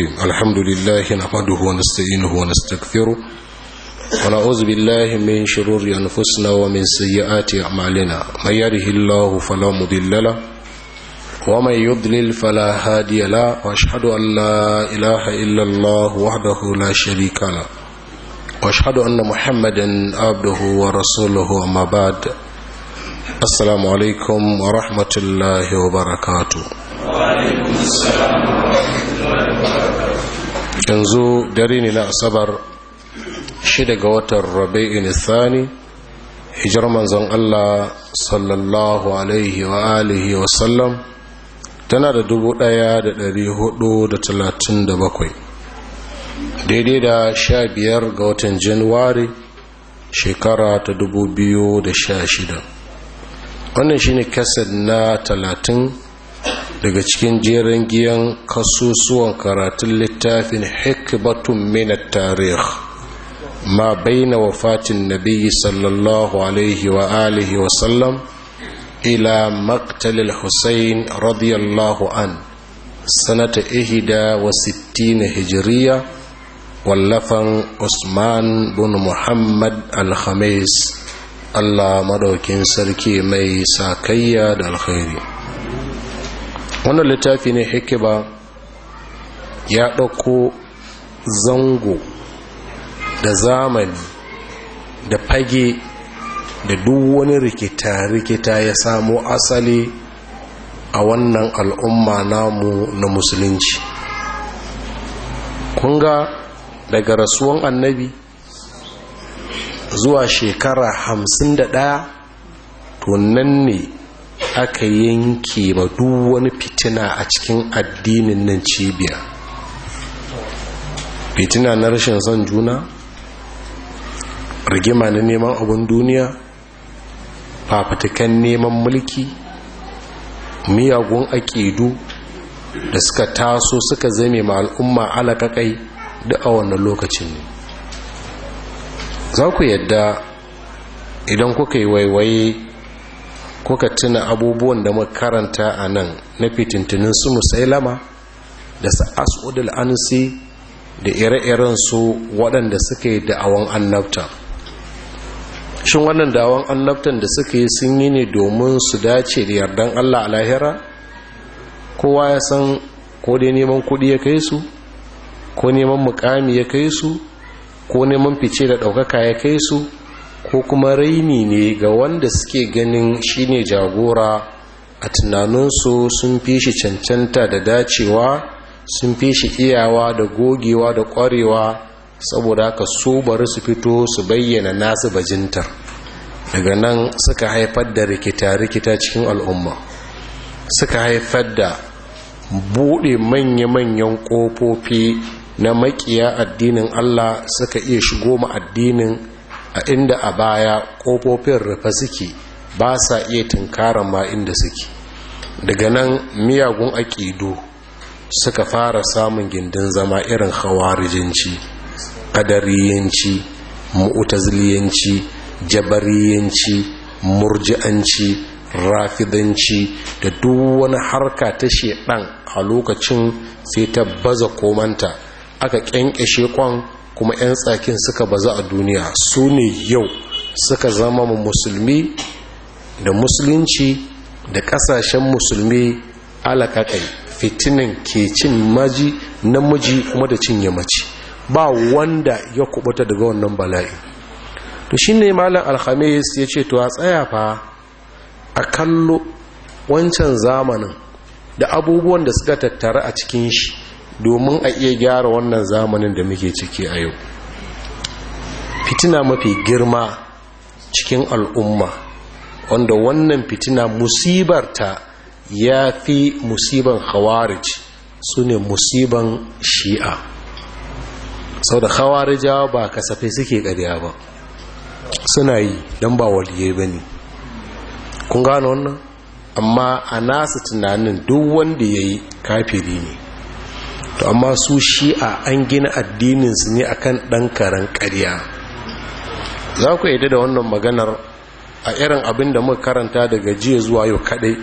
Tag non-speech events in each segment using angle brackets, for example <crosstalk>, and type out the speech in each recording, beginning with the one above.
الحمد لله نحمده ونستعينه ونستكثره ونعوذ بالله من شرور أنفسنا ومن سيئات أعمالنا من يره الله فلا مضل له ومن يضلل فلا هادي له وأشهد أن لا إله إلا الله وحده لا شريك له وأشهد أن محمدا عبده ورسوله أما بعد السلام عليكم ورحمة الله وبركاته وعليكم السلام ورحمة الله yanzu dare ne na asabar shi daga watan rabi'in thani hijar manzon Allah sallallahu alaihi wa alihi wa sallam tana da dubu ɗaya da ɗari hudu da talatin da bakwai daidai da sha biyar ga watan januwari shekara ta dubu biyu da sha shida wannan shine kasar na talatin daga cikin jerin giyan kasusuwan karatun littafin hikbatun minat tarih ma baina wafatin Nabiyyu sallallahu alaihi wa alihi wa sallam ila maktalil hussein radiyallahu an sanata ihida wa sittina hijiriya wallafan usman bin muhammad alhamis allah madaukin sarki mai sakayya da alkhairi wannan littafi ne hikiba ya ɗauko zango da zamani da fage da duk wani rikita-rikita ya samo asali a wannan al'umma namu na musulunci kunga daga rasuwan annabi zuwa shekara hamsin da ɗaya to nan ne aka yanke ma duk wani fitina a cikin addinin nan cibiya fitina na rashin son juna rigima na neman abin duniya fafatakan neman mulki miyagun aƙidu da suka taso suka zame ma al'umma alaƙaƙai da a wannan lokacin ne za ku yadda idan kuka yi waiwaye ko ka tuna abubuwan da muka karanta a nan na fitintunin su musailama da su asudul ansi da ire-iren su waɗanda suka yi da'awan annabta shin wannan da'awan annabtan da suka yi sun yi ne domin su dace da yardan allah a lahira kowa ya san ko dai neman kuɗi ya kai su ko neman mukami ya kai su ko neman fice da ɗaukaka ya kai su ko kuma raini ne ga wanda suke ganin shine jagora a tunaninsu sun fi shi cancanta da dacewa sun fi shi iyawa da gogewa da ƙwarewa saboda ka su bari su fito su bayyana nasu bajintar daga nan suka haifar da rikita-rikita cikin al'umma suka haifar da buɗe manya-manyan ƙofofi na maƙiya addinin Allah suka iya shigo ma addinin a inda a baya ƙofofin rufe suke ba sa iya tunkara ma inda suke daga nan miyagun aƙidu suka fara samun gindin zama irin hawarijinci ƙadariyanci mu'utazliyanci jabariyanci murji'anci rafidanci da duk wani harka ta shedan a lokacin sai ta baza komanta aka ƙyanƙyashe kwan kuma 'yan tsakin suka baza a duniya su ne yau suka zama musulmi da musulunci da kasashen musulmi alakakai fitinin ke cin maji namiji kuma da cinye mace ba wanda ya kubuta daga wannan bala'i to shi ne malam alhamis ya ce to a tsaya fa a kallo wancan zamanin da abubuwan da suka tattara a cikin shi domin a iya gyara wannan zamanin da muke ciki a yau fitina mafi girma cikin al'umma wanda wannan fitina musibarta ya fi musiban khawarij su ne musiban shi'a sau da khawarijawa ba kasafai suke ƙarya ba suna yi don ba waliye ba ne kun gano wannan amma a nasu tunanin duk wanda ya yi kafiri ne to amma su shi'a an gina addininsu ne akan ɗan karen ƙarya za ku yi da wannan maganar a irin abin da muka karanta daga jiya zuwa yau kaɗai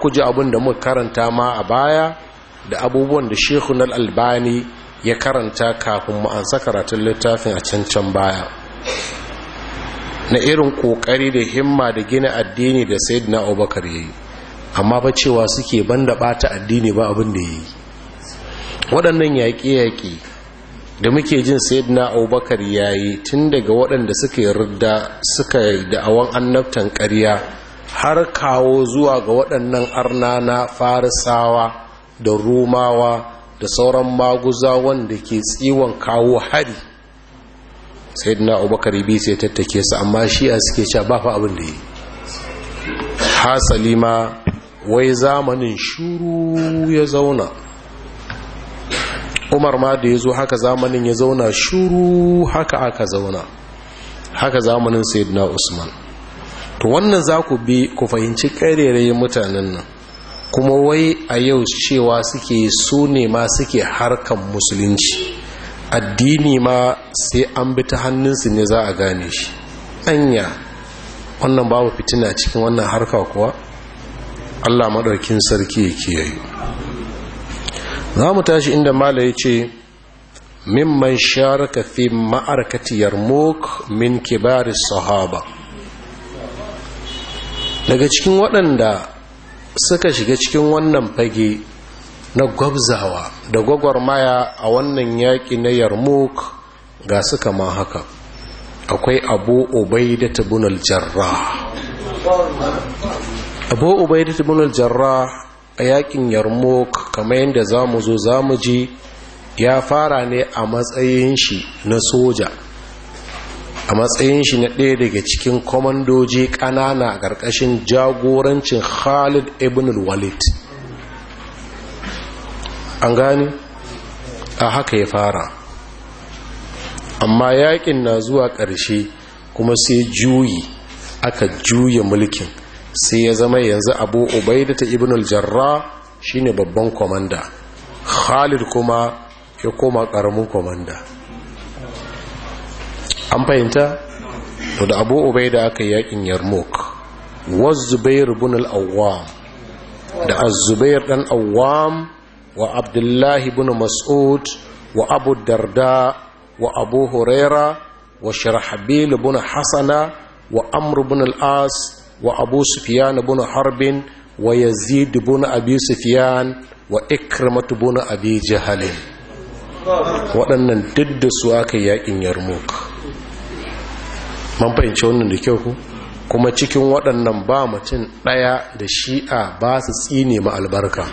ku ji abin da muka karanta ma a baya da abubuwan da shekun albani ya karanta kafin mu ma'ansa karatun littafin a cancan baya na irin ƙoƙari da himma da gina addini da sayid na abubakar ya yi amma ba cewa suke banda bata addini ba abin da ya yi waɗannan yaƙe yaƙi da muke jin na abubakar ya yi tun daga waɗanda suka yarda suka yi da'awan annabtan ƙarya har kawo zuwa ga waɗannan arna na farisawa da rumawa da sauran maguza wanda ke tsiwon kawo hari na abubakar bi sai tattake su amma shi a suke sha ba fa abin da yi hasali ma wai zamanin shuru ya zauna umar ma da ya zo haka zamanin ya zauna shuru haka aka zauna haka zamanin sayyidina usman to wannan za ku bi ku fahimci ƙarerayen mutanen nan kuma wai a yau cewa suke su ne ma suke harkan musulunci addini ma sai an bi ta hannunsu ne za a gane shi anya wannan babu fitina cikin wannan harka kuwa allah maɗaukin sarki ya kiyaye za mu tashi inda mala ya ce mimman sharaka fi ma'arkati yarmouk min kibari sahaba daga cikin waɗanda suka shiga cikin wannan fage na gwabzawa da gwagwarmaya a wannan yaƙi na yarmouk ga suka ma haka akwai abu obai da tabunar jarra abu obai da tabunar jarra a yakin yarmouk kamar yadda za mu zo za mu ji ya fara ne a matsayin shi na soja a matsayin shi na ɗaya daga cikin kwamandoji ƙanana a ƙarƙashin jagorancin khalid ibn walid an gani a haka ya fara amma yakin na zuwa ƙarshe kuma sai juyi aka juya mulkin sai ya zama yanzu abu ubaida ta ibn al-jarra shine babban komanda khalid kuma ya koma karamin komanda an fahimta to da abu ubaida aka yi yakin yarmouk zubair ibn al-awwam da az-zubair dan awwam wa Abdullahi ibn mas'ud wa abu darda wa abu huraira wa shirhabil ibn hasana wa amr ibn al-as wa abu sufiyan bin harbin wa yazid bin abi fiya wa ikrimatu bin abi jahalin waɗannan duk da su aka yakin yarmouk man fahimci wannan da kyau ku kuma cikin waɗannan ba mutum ɗaya da shi'a ba su tsine ma albarka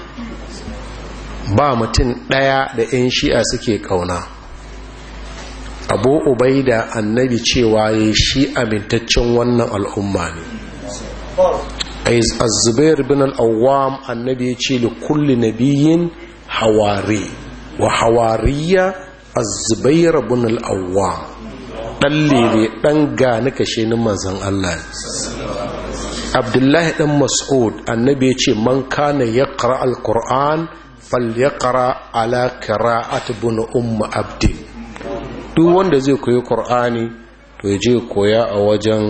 ba mutum ɗaya da 'yan shi'a suke ƙauna abu ubaida annabi cewa ya shi amintaccen wannan al'umma ne az-zubair bin al-awwam annabi yace li kulli nabiyyin hawari wa hawariya az-zubair bin al-awwam dan lele dan ni kashe ni manzon Allah Abdullahi dan Mas'ud annabi yace ce man kana yaqra al-Qur'an falyaqra ala qira'ati bin umm abdi. duk wanda zai koyi Qur'ani to ya je koya a wajen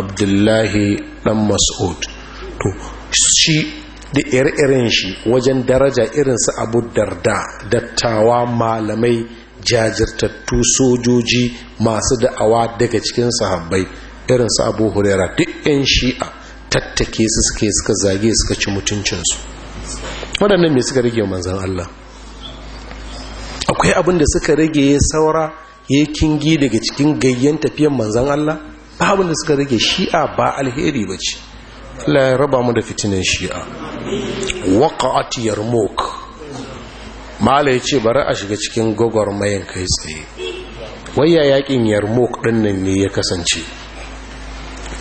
abdullahi dan mas'ud to shi da ire-iren shi wajen daraja irinsu abu darda dattawa malamai jajirtattu sojoji masu da'awa daga cikin sahabbai su abu hurera duk 'yan shi'a tattake su suke suka zage suka ci mutuncinsu waɗannan mai suka rage manzan Allah akwai abin da suka rage ya saura ya kingi daga cikin gayyan tafiyan manzan Allah babin da suka rage shi'a ba alheri ba ce Allah ya raba mu da fitinan shi'a waqa'at Yarmuk. mala yace bari a shiga cikin gogormayin kai tsaye wayya yakin Yarmuk din nan ne ya kasance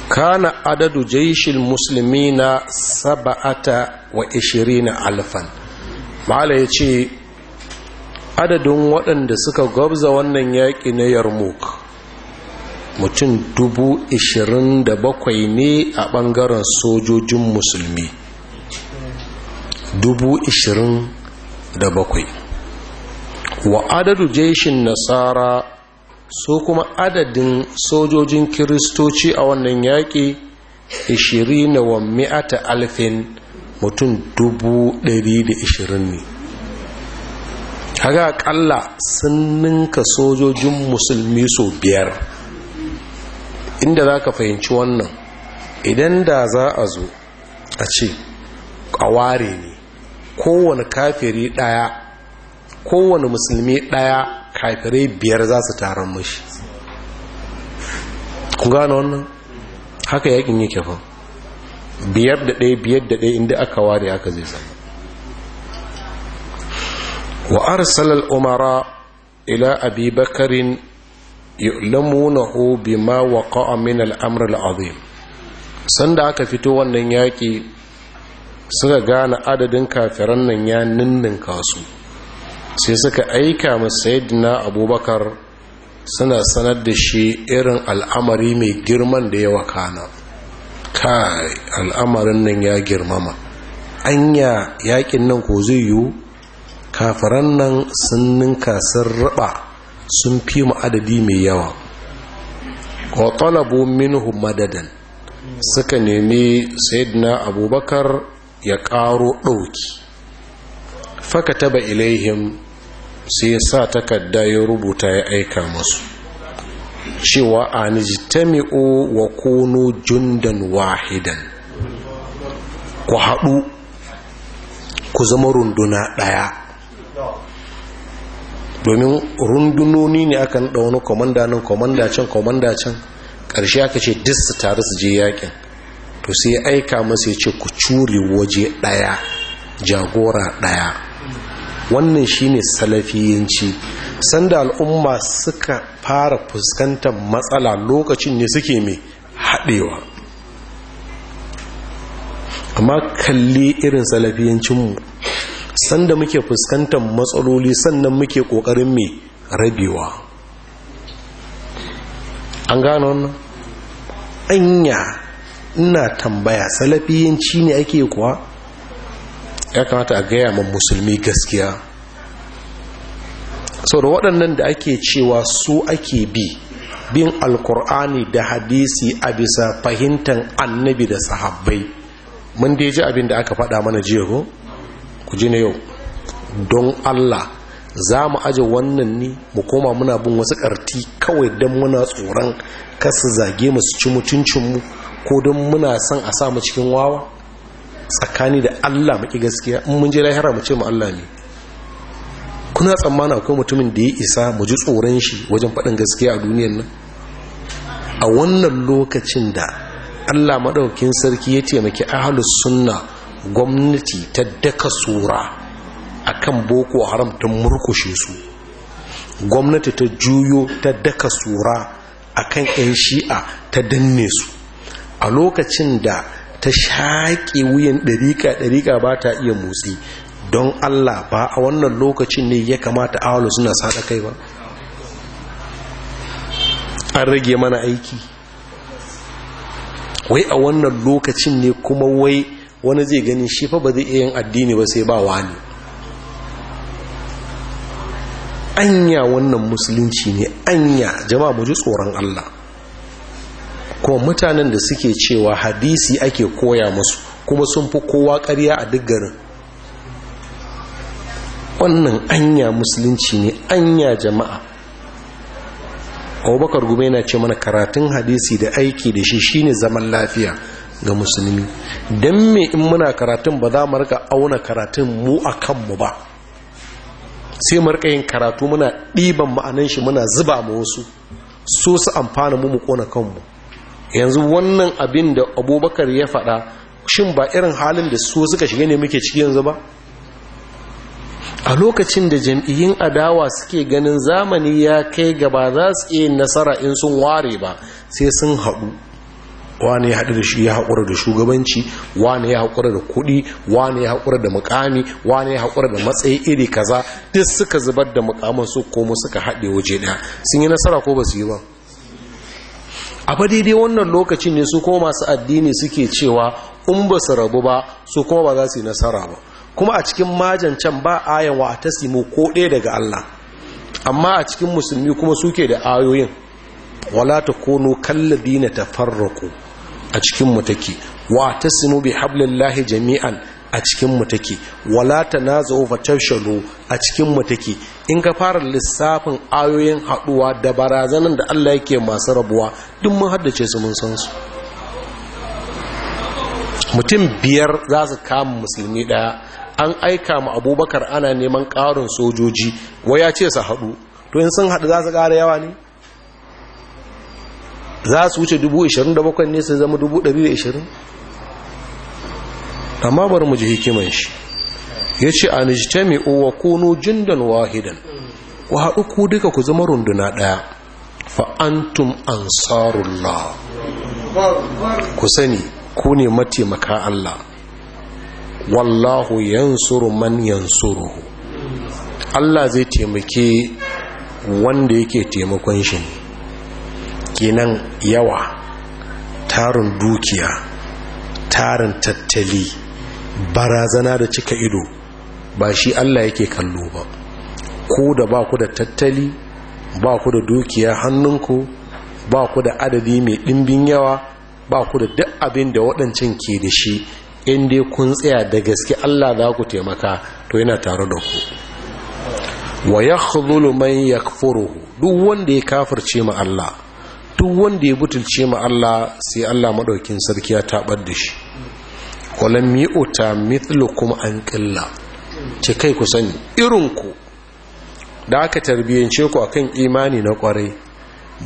kana adadu musulmi na saba'ata wa 20 alfan mala yace adadin waɗanda suka gwabza wannan yaki na Yarmuk. mutum dubu ishirin da bakwai ne a ɓangaren sojojin musulmi dubu ishirin da bakwai wa adadu jeshin nasara su kuma adadin sojojin kiristoci a wannan yaƙi ishirin wa mi'ata alfin mutum dubu ɗari da ishirin ne kaga kalla sun ninka sojojin musulmi sau biyar inda za ka fahimci wannan idan da za a zo a ce a ware ne kowane kafiri ɗaya kowane musulmi ɗaya kafirai biyar za su taron mashi ku gano wannan haka yakin yake fa biyar da ɗaya biyar da ɗaya inda aka ware aka zai zama wa arsalal umara ila abi bakarin yu'lamunahu bima waqa'a min al-amr al-azim sanda aka fito wannan yaki suka gane adadin kafiran nan ya ninnin kasu, sai suka aika ma sayyidina abubakar suna sanar da shi irin al'amari mai girman da ya wakana kai al'amarin nan ya girmama anya yakin nan ko zai yiwu kafiran nan sun ninka sun raba sun fi mu adadi mai yawa wa talabu minhum madadan suka nemi sayyidina abubakar ya ƙaro ɗauki fakataba ilaihim sai sa takarda ya rubuta ya aika masu cewa a wa kunu jundan wahidan ku haɗu ku zama runduna ɗaya domin rundunoni ne aka naɗa wani komanda nan komanda can komanda can ƙarshe aka ce duk su taru su je yakin to sai aika masa ya ce ku cure waje ɗaya jagora ɗaya wannan shine salafiyanci sanda al'umma suka fara fuskantar matsala lokacin ne suke mai haɗewa amma kalli irin salafiyancinmu sanda muke fuskantar matsaloli sannan muke kokarin mai rabewa an gano wannan anya ina tambaya salafiyanci ne ake kuwa ya kamata a gaya ma musulmi gaskiya sau da waɗannan da ake cewa su ake bi bin alkur'ani da hadisi a bisa fahimtar annabi da sahabbai mun da ji abin da aka faɗa mana jiya ko? ku ji na yau don allah za mu aje wannan ne mu koma muna bin wasu karti kawai don muna tsoron kasu zage mu su ci mutuncinmu ko don muna son a sa mu cikin wawa tsakani da allah maki gaskiya in mun je lahira mu ce mu allah ne kuna tsammana akwai mutumin da ya isa mu ji tsoron shi wajen faɗin gaskiya a duniyar nan a wannan lokacin da allah maɗaukin sarki ya taimaki ahlus sunna gwamnati ta daka sura kan boko haram ta murkushe su gwamnati ta juyo ta daka sura kan 'yan shi'a ta danne su a lokacin da ta shaƙe wuyan ɗariƙa-ɗariƙa ba ta iya motsi don allah ba a wannan lokacin ne ya kamata awalu suna sada kai ba an rage mana aiki wai a wannan lokacin ne kuma wai wani zai gani shi fa ba zai iya yin addini ba sai ba wani anya wannan musulunci ne anya jama'a mu ji tsoron Allah ko mutanen da suke cewa hadisi ake koya musu kuma sun fi kowa ƙarya a duk garin wannan anya musulunci ne anya jama'a abubakar gume na ce mana karatun hadisi da aiki da shi shine zaman lafiya ga musulmi don me in muna karatun ba za mu rika auna karatun mu a kanmu ba sai mu rika yin karatu muna ɗiban ma'anan shi muna zuba ma wasu so su amfana mu mu kona kanmu yanzu wannan abin da abubakar ya faɗa shin ba irin halin da so suka shiga ne muke ciki yanzu ba a lokacin da jam'iyyun adawa suke ganin zamani ya kai gaba za su iya nasara in sun ware ba sai sun haɗu wane ya haɗu da shi ya haƙura da shugabanci wane ya haƙura da kuɗi wane ya haƙura da mukami wane ya haƙura da matsayi iri kaza duk suka zubar da mukamin su komo suka haɗe waje ɗaya sun yi nasara ko ba su yi ba a ba daidai wannan lokacin ne su ko masu addini suke cewa in ba su rabu ba su kuma ba za su yi nasara ba kuma a cikin majan can ba ayan wa ta simo ko ɗaya daga Allah amma a cikin musulmi kuma suke da ayoyin wala ta kono kalladina tafarraqu a cikin mu take wa tasimu bi hablillahi jami'an a cikin mu take wala tanazu fatashalu a cikin mu take in ka fara lissafin ayoyin haduwa da barazanan da Allah yake masu rabuwa duk mun haddace su mun san su mutum biyar za su kama musulmi daya an aika ma abubakar ana neman ƙarin sojoji wai ya ce su haɗu to in sun haɗu za su ƙara yawa ne za su wuce 27,000 ne su zama 220 amma bari mu ji hikiman shi ya ce a mai uwa kono jindan wahidan ku haɗu ku duka ku zama runduna ɗaya fa'antum ansarullah ku sani ku ne mataimaka Allah wallahu yansuru man yansuruhu Allah zai taimake wanda yake taimakon shi ne kenan yawa tarin dukiya tarin tattali barazana da cika ido ba shi allah yake kallo ba Ko da ba ku da tattali ba ku da dukiya hannunku ba ku da adadi mai ɗimbin yawa ba ku da duk abin da waɗancan ke da shi inda kun tsaya da gaske allah za ku taimaka to yana tare da ku wa ya man ya duk wanda ya kafirce ma Allah duk wanda ya butulce ma Allah sai Allah madaukin sarki ya tabar da shi walam yu'ta mithlukum an qilla ce kai ku sani irin ku da aka tarbiyance ku akan imani na kwarai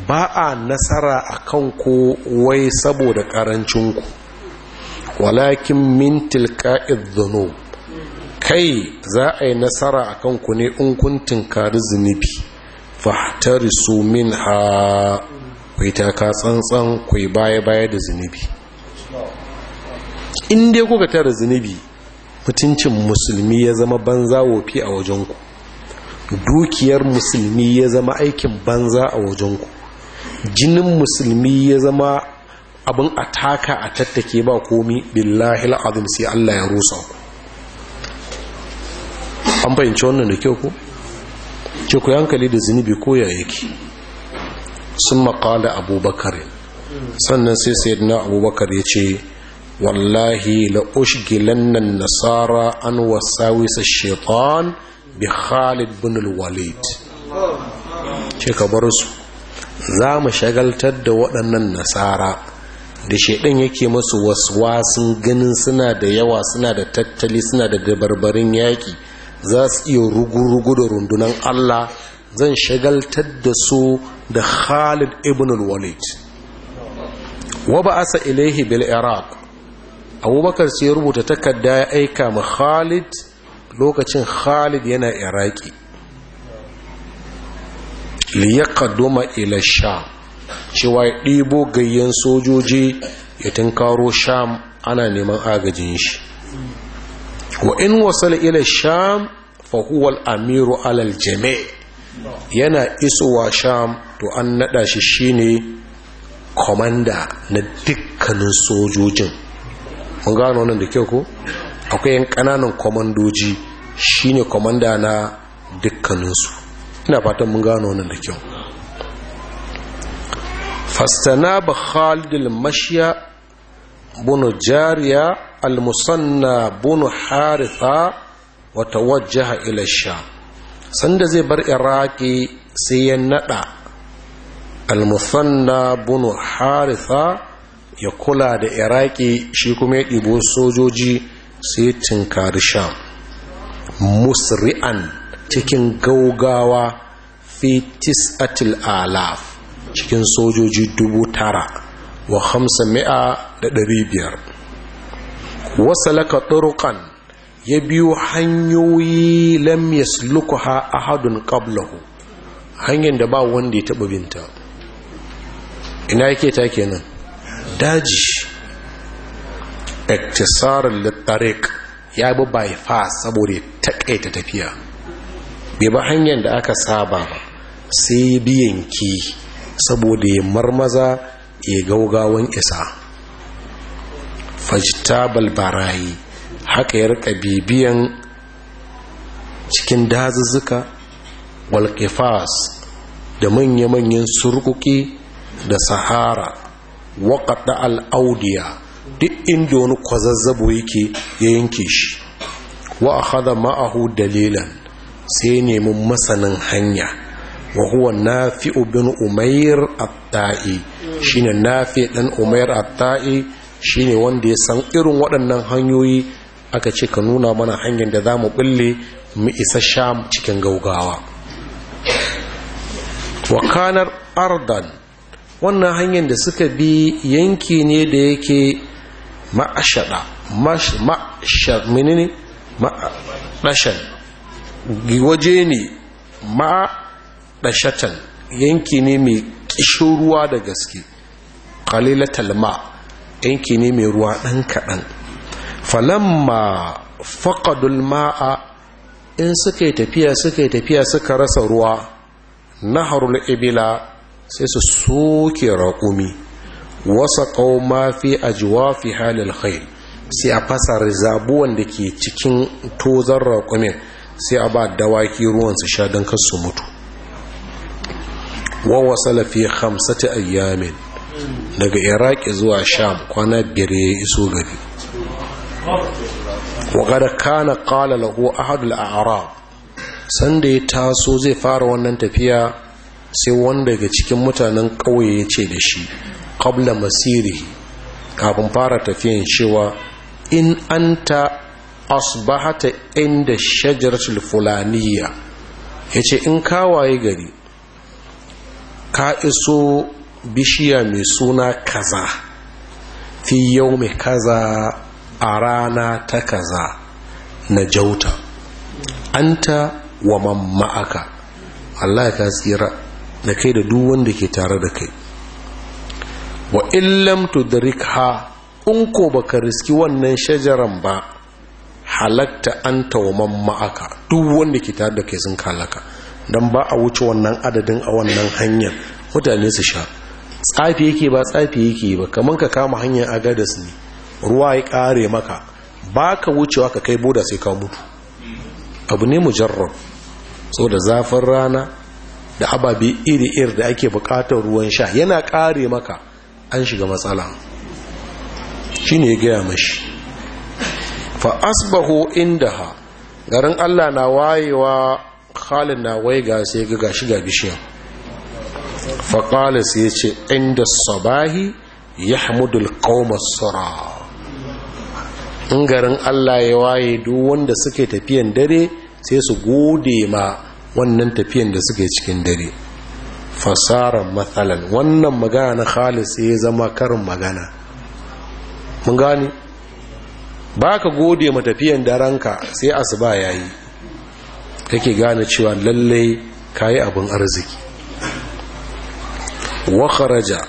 ba a nasara akan ku wai saboda karancin ku walakin min tilka'iz dhunub kai za a yi nasara a kanku ne in kun tunkari zunubi fahtarisu min ha kai ka tsantsan kai baya-baya da zunubi in dai kuka tara zunubi mutuncin musulmi ya zama banza wofi a wajenku dukiyar musulmi ya zama aikin banza a wajenku jinin musulmi ya zama abin a taka a tattake ba komi billahi al'adun sai Allah ya rusa ku an fahimci wannan da kyau ku ke ku yankali da zunubi ko ya sun maƙala abubakar sannan sai na abubakar ya ce wallahi la nasara an sa shaitan bi khalid bin walid ce ka bar su za mu shagaltar da waɗannan nasara da shaidan yake masu waswasin ganin suna da yawa suna da tattali suna da dabarbarin yaƙi za su iya rugu-rugu da rundunan allah zan shagaltar da su da khalid ibn walid wa ba'asa ilaihi bil iraq abubakar sai ya rubuta takarda ya aika ma khalid lokacin khalid yana iraki kaduma ila sham cewa ya ɗibo gayyen sojoji ya tunkaro sham ana neman agajin shi wa in wasala ila sham fa amiru alal jami' yana isowa sham to an nada shi shine komanda na dukkanin sojojin mun gano wannan da kyau ko akwai yan kananan komandoji shine komanda na dukkaninsu ina fatan mun gano wannan da kyau fastana ba al-mashya bunu jariya al-musanna bunu haritha wata wajaha ila sham sanda zai bar iraki sai ya nada almusanna bunu haritha ya kula da iraki shi kuma ya ɗibo sojoji sai tinkari sham musri'an cikin gaugawa fi tis'atil alaf cikin sojoji dubu tara wa hamsa mi'a da ɗari biyar Wasu turukan ya biyo hanyoyi lam yaslukuha Hadun qablahu hanyar da ba wanda ya taba binta ina yake ta kenan daji iktisar al-tariq ya bi bypass saboda takaita tafiya bai ba hanyar da aka saba ba sai biyan ki saboda ya marmaza ya gaugawan isa fajtabal barayi haka ya rika bibiyan cikin dazuzzuka walƙifas da manya-manyan surkuki da sahara waƙaɗa al'audiya duk inda wani kwazazzabo yake ya yanke shi wa a hada ma'ahu dalilan sai nemi masanin hanya wa huwa nafi bin umair attai shine nafi dan umair attai shine wanda ya san irin waɗannan hanyoyi aka ce ka nuna mana hanyar da za mu bulle mu isa sham cikin gaugawa wakanar ardan wannan hanyar da suka bi yanki ne da yake ma'ashada ma'ashamini ma'ashan waje ne ma'ashatan yanki ne mai kishin ruwa da gaske kalilatalma yanki ne mai ruwa ɗan kaɗan falamma faƙadul ma'a in suka tafiya suka tafiya suka rasa ruwa na ibila sai su soke raƙumi wasa ƙauma fi ajiwa fi halil khail sai a fasa rizabuwan da ke cikin tozan raƙumin sai a ba dawaki ruwan su sha don kasu mutu wawa salafi hamsata ayyamin daga iraki zuwa sham kwana biyar ya iso gari وقد كان قال له أحد الأعراب sanda ya taso zai fara wannan tafiya sai wanda daga cikin mutanen ƙauye ya ce da shi kabla masiri kafin fara tafiyan cewa in an anta asbahata inda shajaratul fulaniya yace in kawaye gari ka iso bishiya mai suna kaza fi yau mai kaza a rana ta kaza na jauta anta wa mamma'aka Allah ka tsira da kai da duk wanda ke tare da kai wa illam tudrikha in ko baka riski wannan shajaran ba halatta anta wa mamma'aka ma'aka duk wanda ke tare da kai sun kalaka dan ba a wuce wannan adadin a wannan hanyar mutane su sha tsafi yake ba tsafi yake ba kaman ka kama hanyar agadas ne ruwa ya kare maka ba ka wucewa ka kai buda sai ka mutu abu ne mujarrar so da zafin rana da ababe iri-iri da ake bukatar ruwan sha yana kare maka an shiga matsala shi ne gaya mashi fa asbaho inda ha, garin allah na wayewa halin na waiga sai ga gashi ga bishiyan faƙalis ya ce inda sabahi ya hamudul ƙaumar sura in garin Allah ya waye duk wanda suke tafiyan dare sai su gode ma wannan tafiyan da suke cikin dare fasara matsalan wannan magana na khalis ya zama karin magana mun gani ba ka gode ma tafiyan daren ka sai asuba ya yi kake gane cewa lallai ka yi abin arziki wa kharaja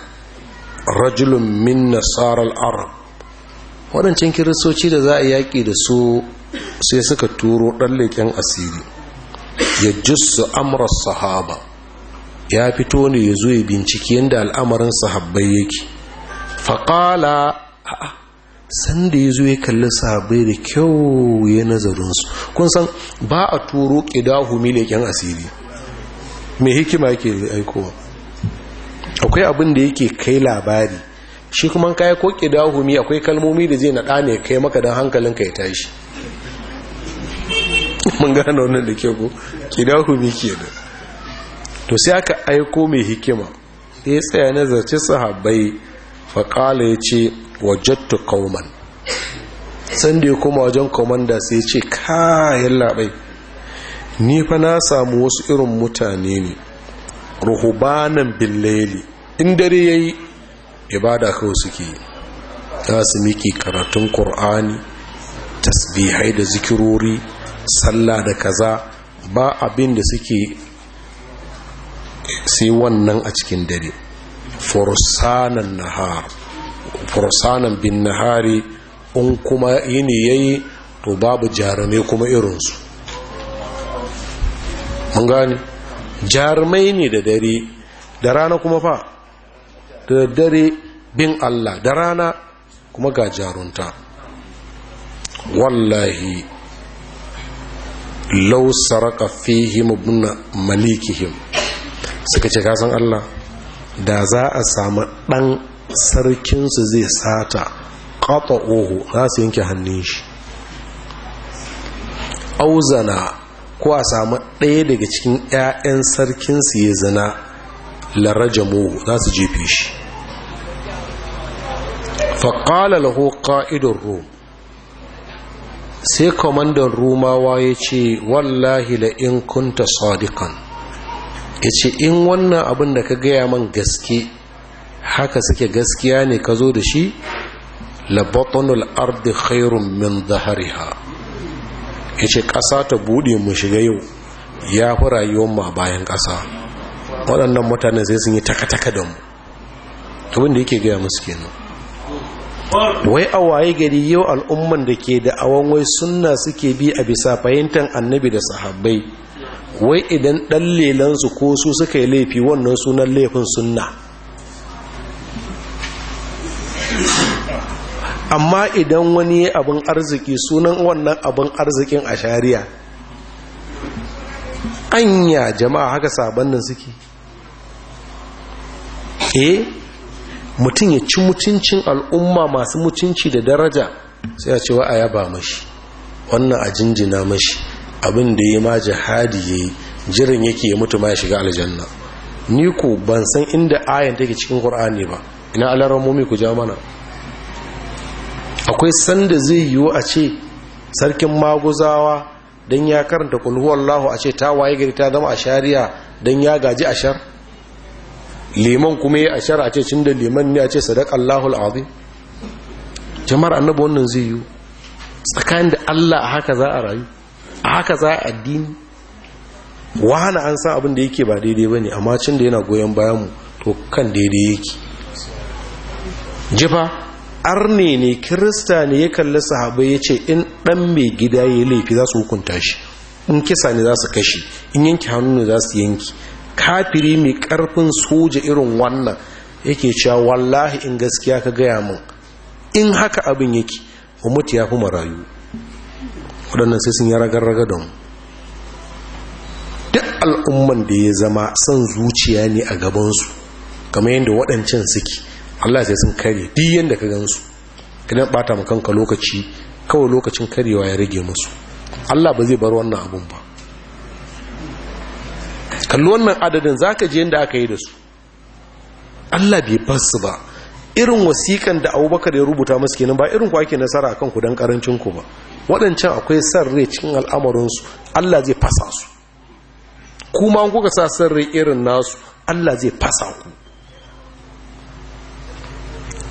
rajulun min al arab waɗancan kiristoci da za a yaƙi da su sai suka turo ɗan leƙen asiri ya jussu amurar sahaba ya fito ne ya zo ya bincike yadda al'amarin sahabbai yake faƙala sanda ya zo ya kalli sahabbai da kyau ya nazarinsu kun san ba a turo ƙidahu leƙen asiri mai hikima ke aikowa akwai abin da yake kai labari shi kuma ka yi koke da hukumi akwai kalmomi da zai naɗa ne kai maka don hankalinka ya tashi <laughs> mun gane wannan da ke ku hukumi ke da to sai aka aiko mai hikima da ya tsaya su sahabbai faƙala ya ce wajattu kauman san da ya koma wajen komanda sai ce kayan labai ni fa na samu wasu irin mutane ne ruhubanan billeli in dare ya yi ibada kawai suke za su miki karatun ƙur'ani tasbihai da zikirori sallah da kaza ba abin da suke sai wannan a cikin dare fursanan bin nahari in kuma ya yayi to babu jarumai kuma irinsu mun gani jarumai ne da dare da rana kuma fa da dare bin Allah da rana kuma ga jarunta wallahi lau saraka fihim ibn malikihim suka ce kasan Allah da za a samu ɗan sarkinsu zai sata qata'uhu za su yanke hannun shi auzana ko a samu ɗaya daga cikin 'ya'yan sarkinsu ya zana. larajamu za su jefe shi faƙala laho ƙa'idun rum sai kwamandan rumawa ya ce wallahi la in kunta sadikan ya ce in wannan abin da ka gaya man gaske haka suke gaskiya ne ka zo da shi labatonul ardi khairun min zahariha ya ce ƙasa ta buɗe mu shiga yau ya fi rayuwa ma bayan ƙasa waɗannan mutane zai sun yi takataka taka da mu abin da yake gaya musu kenan wai a waye gari yau al'umman da ke da awon wai sunna suke bi a bisa fahimtar annabi da sahabbai wai idan ɗan lelansu ko su suka yi laifi wannan sunan laifin suna? amma idan wani abin arziki sunan wannan abin arzikin a shari'a anya jama'a haka sabannin suke eh mutum ya ci mutuncin al'umma masu mutunci da daraja sai ya ce wa a yaba mashi wannan a jinjina mashi abin da ya ma jihadi ya yi jirin yake ya mutu ma ya shiga aljanna ni ku ban san inda ayan take cikin qur'ani ba ina alaran ku ja mana akwai sanda zai yiwu a ce sarkin maguzawa don ya karanta Wallahu a ce ta waye gari ta zama a shari'a don ya gaji ashar liman kuma ya ashar a ce cin da liman ne a ce sadakallahu azi jama'ar annabu wannan zai yi tsakanin da Allah a haka za a rayu a haka za a addini wahana an san abin da yake ba daidai ba ne amma cin da yana goyon bayanmu to kan daidai yake jifa arne ne kirista ne ya kalli sahabai ya ce in ɗan mai gida ya laifi za su hukunta shi in kisa ne za su kashe in yanki hannu ne za su yanki kafiri mai karfin soja irin wannan yake cewa wallahi in gaskiya ka gaya mun in haka abin yake mu mutu ya fi marayu waɗannan sai sun yi ragar-raga da mu duk al'umman da ya zama son zuciya ne a gabansu kamar yadda waɗancan suke allah sai sun kare duk yadda ka gansu kadan ɓata kanka lokaci kawai lokacin karewa ya rage musu allah ba zai bar wannan abun ba kalli wannan adadin zaka je yadda aka yi da su Allah bai bar ba irin wasikan da Abubakar ya rubuta musu kenan ba irin ku ake nasara akan ku dan karancin ku ba waɗancan akwai san cikin al'amuransu su Allah zai fasa su kuma an kuka sa san rai irin nasu Allah zai fasa ku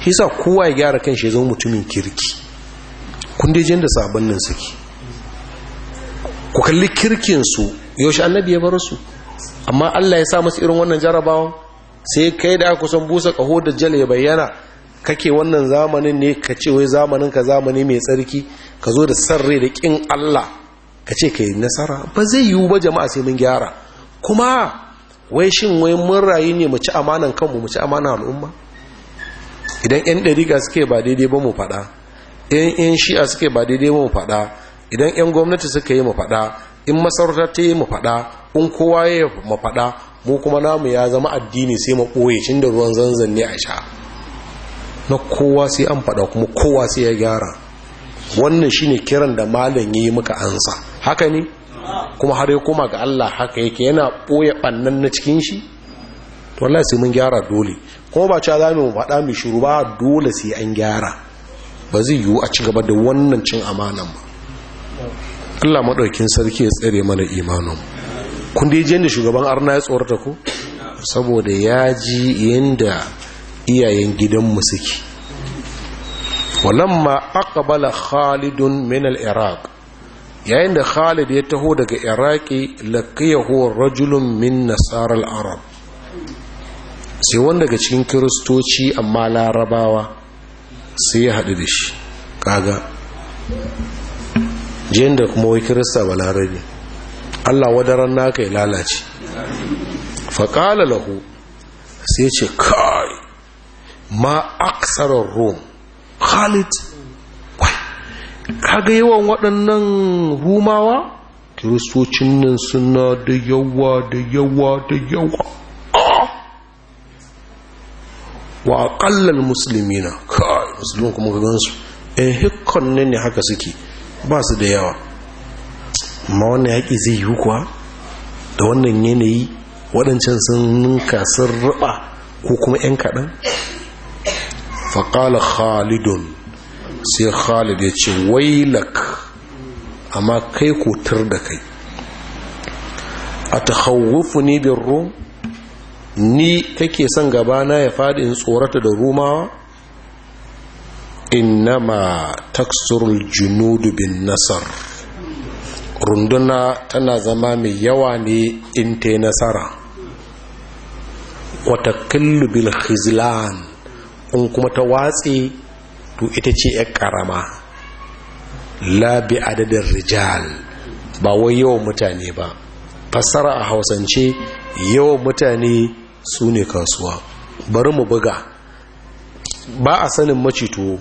hisa kowa ya gyara kan shi zama mutumin kirki kun dai da sabon suke ku kalli kirkin su yaushe annabi ya bar su amma Allah ya sa musu irin wannan jarabawan sai kai da aka san busa kaho da jal ya bayyana kake wannan zamanin ne ka ce wai zamanin ka zamani mai tsarki ka zo da sarre da kin Allah ka ce kai nasara ba zai yiwu ba jama'a sai mun gyara kuma wai shin wai mun rayu ne mu ci amanan kanmu mu ci amanan al'umma idan yan dariga suke ba daidai ba mu faɗa yan yan shi'a suke ba daidai ba mu faɗa idan yan gwamnati suka yi mu faɗa in masarauta ta yi mu faɗa in kowa ya yi mafaɗa faɗa mu kuma namu ya zama addini sai mu ɓoye cin da ruwan zanzan ne a sha na kowa sai an faɗa kuma kowa sai ya gyara wannan shi ne kiran da malam ya yi muka ansa haka ne kuma har ya koma ga Allah haka yake yana ɓoye ɓannan na cikin shi to Allah sai mun gyara dole kuma ba cewa za mu faɗa mu shiru ba dole sai an gyara ba zai yiwu a ci gaba da wannan cin amanan ba Allah maɗaukin sarki ya tsere mana imanin kun da yi shugaban arna ya tsorata ku saboda ya ji yadda iyayen gidanmu suke walamma akabala khalidun Minal al-iraq yayin da khalid ya taho daga iraki laqiyahu rajulun min nasar arab sai wanda daga cikin kiristoci amma larabawa sai ya haɗu da shi kaga jiyan da kuma wai kirista allah wadaran naka ya lalace faƙala lahu sai ce kai ma aksarar rum khalid wai kaga yawan waɗannan rumawa kiristocin nan suna da yawa da yawa da yawa ah! wa aƙallar musulmi na kai musulmi kuma gagansu in eh, hikon ne haka suke ba su da yawa amma wannan yaƙi zai yi kuwa da wannan yanayi waɗancan sun ninka sun riɓa ko kuma 'yan kaɗan faƙala khalidun sai khalid ya ce wailak amma kai kotar da kai a ta hauwufu ni bin ni kake son gabana ya faɗi in tsorata da rumawa innama taksurul junudu bin nasar runduna tana zama mai yawa ne in ta nasara wata killu hizlan in kuma ta watse to ita ce ya karama labi adadin rijal ba wai yawan mutane ba fassara a hausance yawan mutane su ne kasuwa bari mu buga ba a sanin macito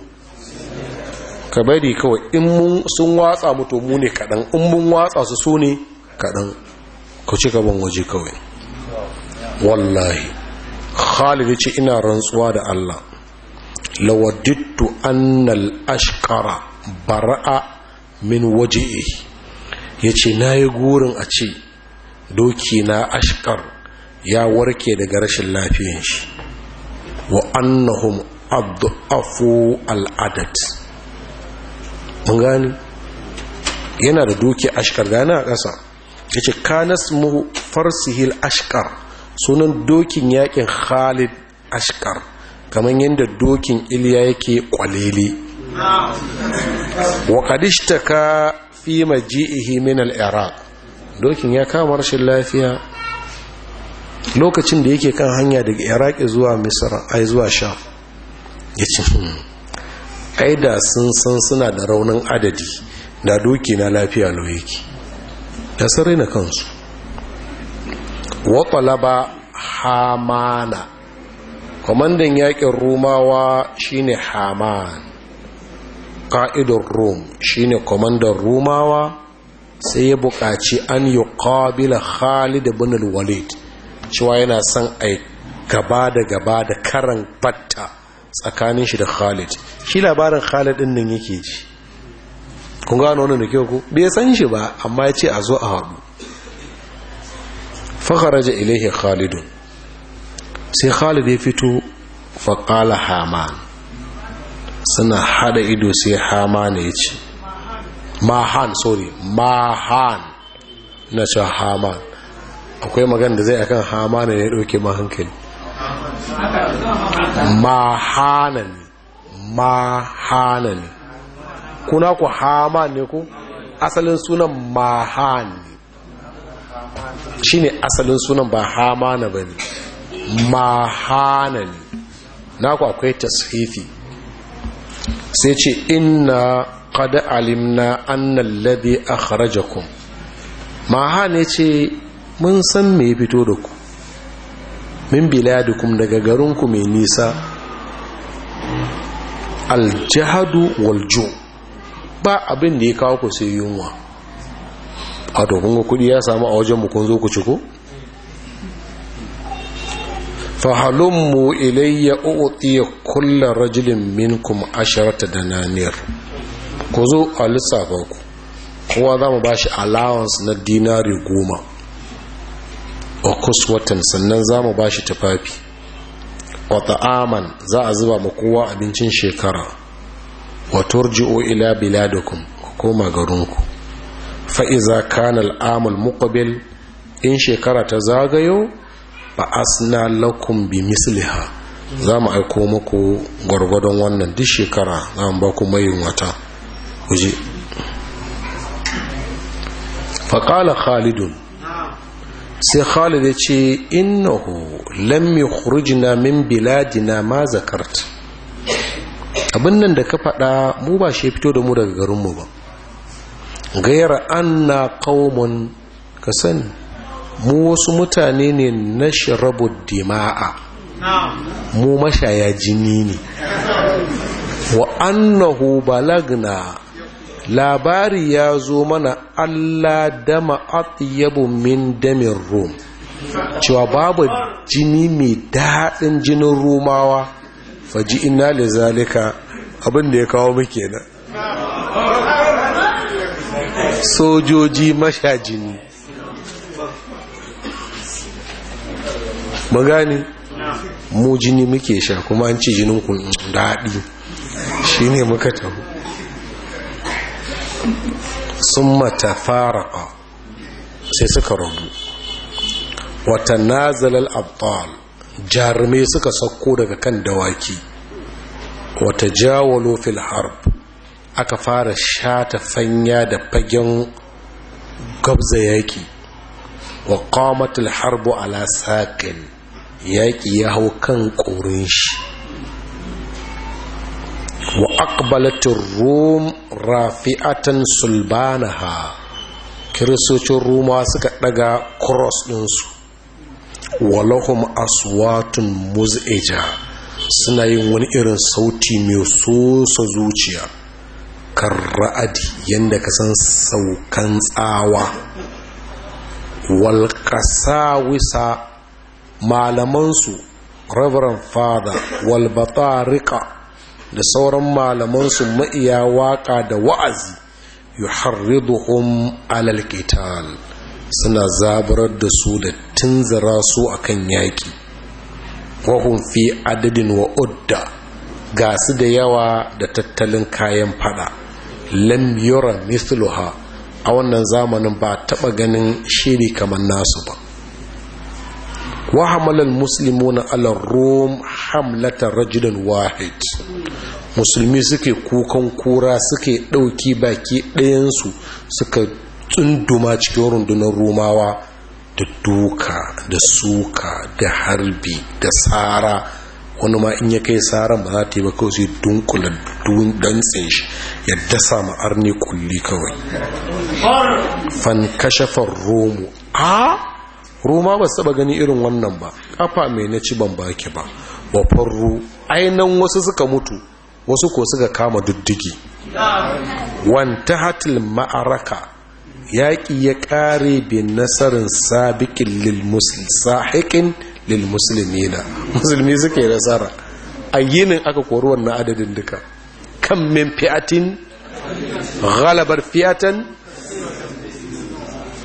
ka bari kawai in mun sun watsa mutu mu ne kaɗan in mun watsa su su ne kaɗan ka ci gaban waje kawai wallahi khalid ya ce ina rantsuwa da allah lawadittu annal ashkara bara'a min waje ya ce na yi gurin a ce doki na ashkar ya warke daga rashin lafiyar shi wa annahum addu'afu al'adat mun gani yana da doki ashkar yana a ƙasa ya ce kanas mu farsihil ashkar sunan dokin yakin khalid ashkar kamar yadda dokin iliya yake kwalele kadishta ka fi maji'ihi min al'iraq dokin ya kama rashin lafiya lokacin da yake kan hanya daga iraq zuwa misra ai zuwa sha ya ce hmm. Aida sun san suna da raunin adadi da doki na lafiya lauyaki. yake da sarai raina kansu Wakwalaba hamana kwamandan yakin rumawa shine haman ƙa'idar rum shine kwamandan rumawa sai ya buƙaci an yi ƙabila khalid bin walid cewa yana son ai gaba da gaba da karan batta tsakanin shi da khalid shi labarin khalid din nan yake ji kun gano wannan da kyau ku bai san shi ba amma ya ce a zo a haɗu fakharaja ilaihi khalidu sai khalid ya fito faƙala haman suna hada ido sai haman ya ce mahan sorry mahan na ce haman akwai magana da zai akan haman ne ya ɗauke mahankali. Mahanani mahanani mahana kuna ku hama ne ku asalin sunan mahanani shi ne asalin sunan ba hamana ba ne mahanani na ku akwai tasfifi sai ce inna kada alimna annan lade a harajakun mahanani ya ce mun san me fito da ku min biladikum daga garinku mai nisa aljihadu waljo ba abin da ya kawo ku sai yunwa a dokun kuɗi kudi ya samu a wajen mukun zo ku ciko ko fahalummu ilayya u'tiya kullu rajulin minkum asharata dananir ku zo a lissafa ku kowa za mu ba shi allowance na dinari goma wa kuswatan sannan za mu ba shi tufafi wata aman za a zuba ma abincin shekara wa turji'u ila biladikum ku koma garinku Fa'iza, Kanal, kana al'amul in shekara ta zagayo ba asna lakum bi misliha za mu aiko muku gwargwadon wannan duk shekara za mu ba ku mayin wata kuje faƙala khalidun sai khalid ya ce innahu lammi yukhrijna min biladina ma zakart abin nan da ka faɗa mu ba shi fito da mu daga garinmu ba gayar anna qaumun ka sani mu wasu mutane ne na shirabu dima'a mu mashaya jini ne wa annahu balagna labari ya zo mana allah dama atyabu min damin rum cewa babu jini mai daɗin jinin rumawa faji ina da zalika abinda ya kawo muke nan sojoji masha jini magani mu jini muke sha kuma an ci jinin kun daɗi shi ne muka tabu sun mata faraka sai suka rabu wata nazalar abdal jarumai suka sauko daga kan dawaki wata jawo fil harb aka fara shata fanya da fagen gabza yaki wa kamatul harbu ala sakin yaki ya hau kan korin shi wa aqbalatir rum rafi'atan sulbanaha kiristocin ruma suka daga cross ɗinsu walahum aswatun muz'ija suna yin wani irin sauti mai sosa zuciya karra'adi yadda ka san saukan tsawa walƙasawisa malamansu reverend father walbatarika da sauran malamansu ma'iya waƙa da wa'azi yuharriduhum alal qital suna zabarar da su da tunzara su akan yaki wahum fi adadin wa udda ga su da yawa da tattalin kayan fada lam yura mithluha a wannan zamanin ba taba ganin shiri kamar nasu ba wa hamalar musulmi na alar rom hamlata rajulan wahid musulmi suke kukan kura suke ɗauki baki ɗayansu suka tsunduma cikin rundunar romawa da duka da suka da harbi da tsara wani ma in ya kai tsaran ba za ta yi ba kawai sai dunkula dantsin shi ya dasa ma'arni kulli kawai fan kashafar romu a roma ba saba gani irin wannan ba kafa mai na ci ban baki ba wa farru ainan wasu suka mutu wasu ko suka kama duddigi wanta hatil ma'araka yaƙi ya ƙare bi nasarin sabikin lilmusulmin lilmusulmi na musulmi suke nasara a yinin aka kori wannan adadin duka kan min fi'atin ghalabar fi'atan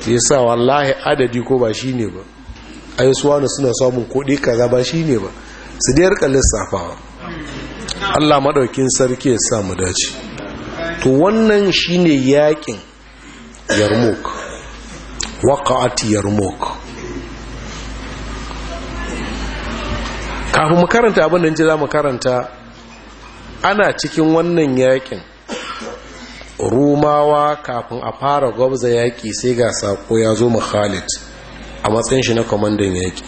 ta yi sa wallahi adadi ko ba shi ne ba a yi suwanu suna samun kuɗi kaza ba shi ne ba su dai rika lissafawa allah maɗaukin sarki ya sa mu dace to wannan shi ne yaƙin yarmouk waƙa'ati yarmouk kafin mu karanta abin da za mu karanta ana cikin wannan yaƙin rumawa kafin a fara gwabza yaƙi sai ga sako ya zo mu khalid a matsayin shi na kwamandan yaƙi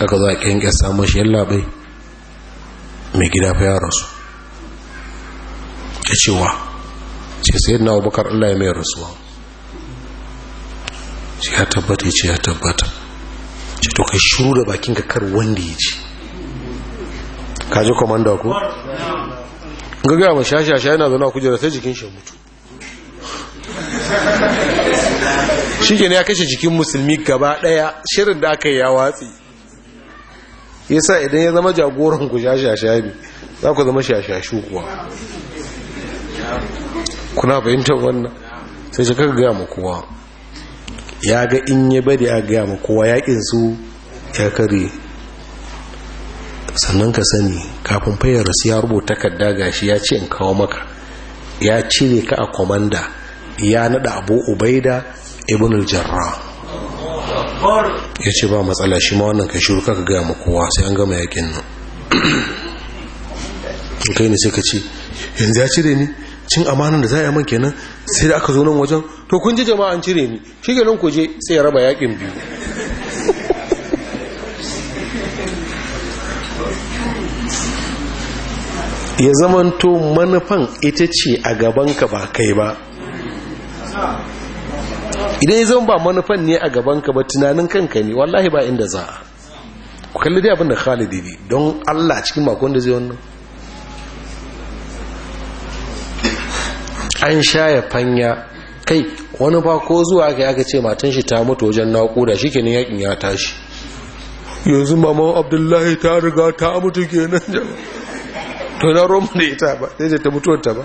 aka za a ƙyanƙya samun shi bai mai gida fa ya rasu ya cewa ce sai na abubakar allah ya mai rasuwa ce ya tabbata ce ya tabbata ce to kai shuru da bakinka kar wanda ya ce kaji kwamanda ku? ga gaya shashasha yana zaune a kujera sai jikin shi mutu shi ya kashe jikin musulmi gaba daya shirin da aka yi ya watsi yasa idan ya zama jagoran ku shashasha ne za ku zama shashashu kuwa kuna fahimtar wannan sai shi kaka ga ma kowa ya ga in ya bari a ga ma kowa yakin su ya kare sannan ka sani kafin fayar su ya rubuta kadda gashi ya ce in kawo maka ya cire ka a komanda ya nada abu ubaida ibn al-jarra ya ce ba matsala shi ma wannan ka shiru kaka gaya kowa sai an gama yakin nan kai ne sai ka ce yanzu ya cire ni cin amanan da za a yi manke nan sai da aka zo nan wajen to kun ji jama'an cire ni shi nan ku je sai ya raba yakin biyu ya zamanto manufan ita ce a gabanka ba kai ba idan ya zama ba manufan ne a gabanka ba tunanin kanka ne wallahi ba inda za ku kalli dai abinda khalidi ne don allah cikin makon da zai wannan an shaya fanya kai wani ba ko zuwa aka aka ce matan shi ta mutu wajen naƙuda shi kenan yakin ya tashi yanzu mama abdullahi ta riga ta mutu kenan jama'a to na roma da ita ba zai ta mutuwar ta ba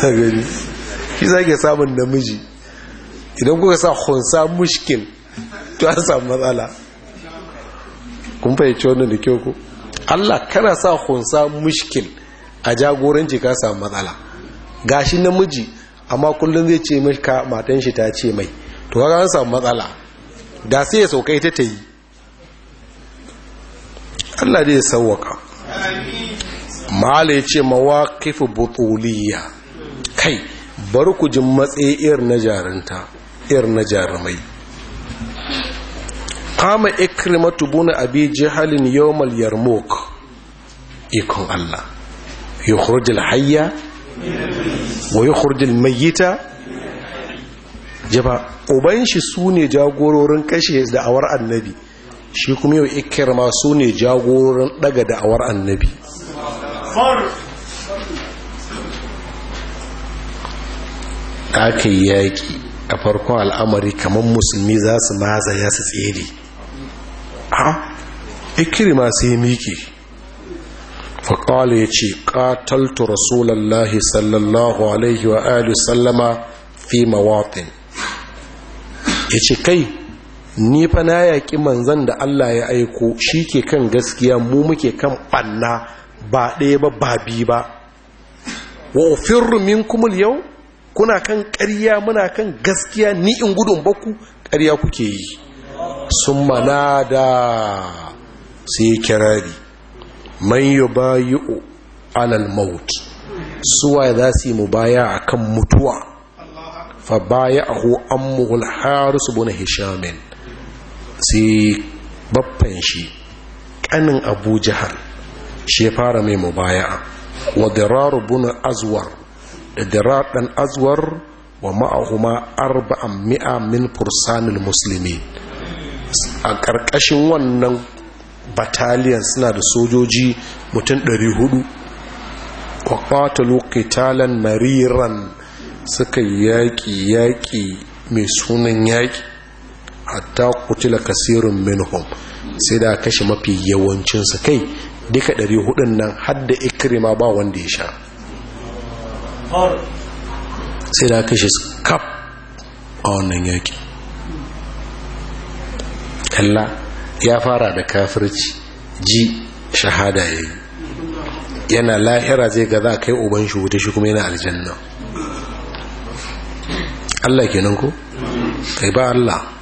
<laughs> gani ki zage samun namiji idan kuka sa hunsa mushkil to an samu matsala kun fahimci wannan da kyau ku Allah kana sa hunsa mushkil a jagoranci ka samu matsala gashi namiji amma kullum zai ce ka matan shi ta ce mai to kaga an samu matsala da sai ya sauka ita ta yi Allah zai ya sauwaka mala ce ce mawaƙifu butuliya kai bari ku ji matsayi ir na jarinta ir na jarumai kama ikrimatu buna abi jihalin yawmal yarmouk ikon Allah hurjil hayya wa hurjil mayita jaba uban shi sune jagororin kashe da awar annabi shi kuma yau ikirma su ne ɗaga daga da'awar annabi aka yi yaƙi a farkon al'amari kamar musulmi za su ya su tsere ha ikirma sai miki faƙala ya ce ƙataltu rasulallah sallallahu alaihi wa sallama fi mawaƙin? ya ce kai ni fa na yaƙi manzan da Allah ya aiko shi ke kan gaskiya mu muke kan ɓanna ba ɗaya ba ba biyu ba wa rumin kumul yau kuna kan ƙarya muna kan gaskiya ni in gudun baku ƙarya kuke yi sun mana da sai kirari man yi o alal su suwa za su yi mu baya a kan mutuwa fa baya ho an muhul harisu na hishamin sai baffan shi kanin abu jihar shi ya fara mai mubaya'a wa dararu buna azwar da dirar dan azwar wa ma'ahuma arba'an mi'a min fursanin musulmi a ƙarƙashin wannan bataliyan suna da sojoji mutum 400 wa qatalu qitalan mariran suka yaƙi yaƙi mai sunan yaƙi hatta kutila kasirun minhum sai da kashe mafi yawancinsa kai duka ɗari hudun nan hadda ikirima ba wanda ya sha sai da kashe kaf a wannan yaki kalla ya fara da kafirci ji shahada ya yi yana lahira zai ga za kai uban shi wuta shi kuma yana aljanna Allah ke nan ko? kai ba Allah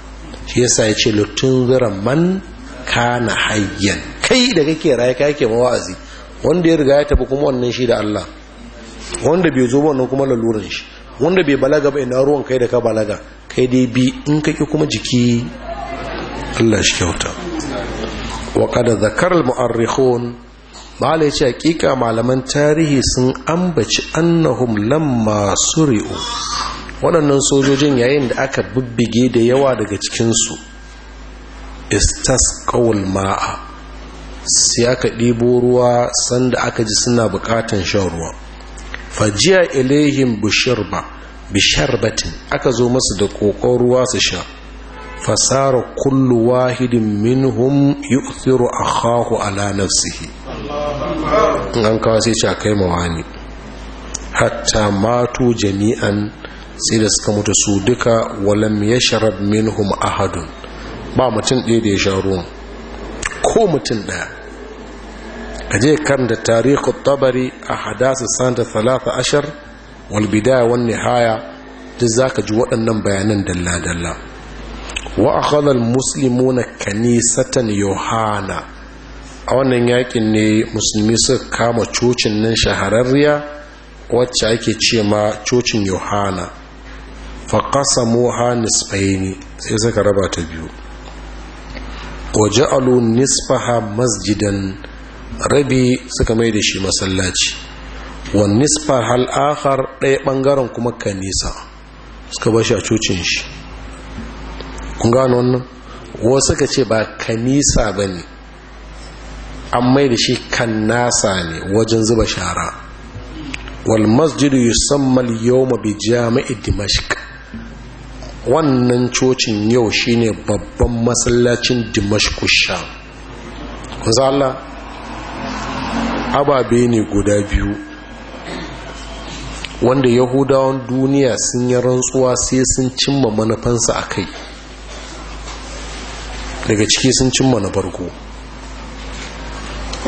shi yasa ya ce lutun ziran man kana hayyan kai da kake raye ka yake mawazi wanda ya riga ya tafi kuma wannan shi da Allah wanda bai zo wannan kuma lalurin shi wanda bai balaga ba ina ruwan kai da ka balaga kai dai bi in kake kuma jiki Allah shi kyauta wa kada zakar al mu'arrikhun mala yace hakika malaman tarihi sun ambaci annahum lamma suri'u waɗannan sojojin yayin da aka bibbige da yawa daga cikinsu kawul ma'a sai aka ɗibo ruwa sanda aka ji suna buƙatan shan ruwa fajiya ilayhim bishirba bisharbatin aka zo masu da ƙoƙon ruwa su sha fasara kullu wahidin minhum yu'thiru akhahu ala nafsihi an kawo sai ce kai mawani hatta matu jami'an sai da suka mutu su duka walam ya sharab minhum ahadun ba mutum ɗaya da ya sha ruwan ko mutum ɗaya a je kan da tarihi tabari a hadasu sanda talata ashar walbidaya wani haya duk za ka ji waɗannan bayanan dalla-dalla wa a musulmi na kanisatan yohana a wannan yakin ne musulmi suka kama cocin nan shahararriya wacce ake ce ma cocin yohana faƙasa moha nisfaini sai suka raba ta biyu waje alu nisfaha masjidan rabi suka mai da shi masallaci wani har hal'akar ɗaya ɓangaren kuma kanisa suka ba shi a cocin shi kun gano wannan wasu suka ce ba kanisa ba ne an mai da shi kan nasa ne wajen zuba shara wal masjidu yusammal yawma bi jami'i dimashq wannan cocin yau shine babban masallacin dimashku sham Allah ababe ne guda biyu wanda yahudawan duniya sun yi rantsuwa sai sun cimma manufansa a kai daga ciki sun cimma na farko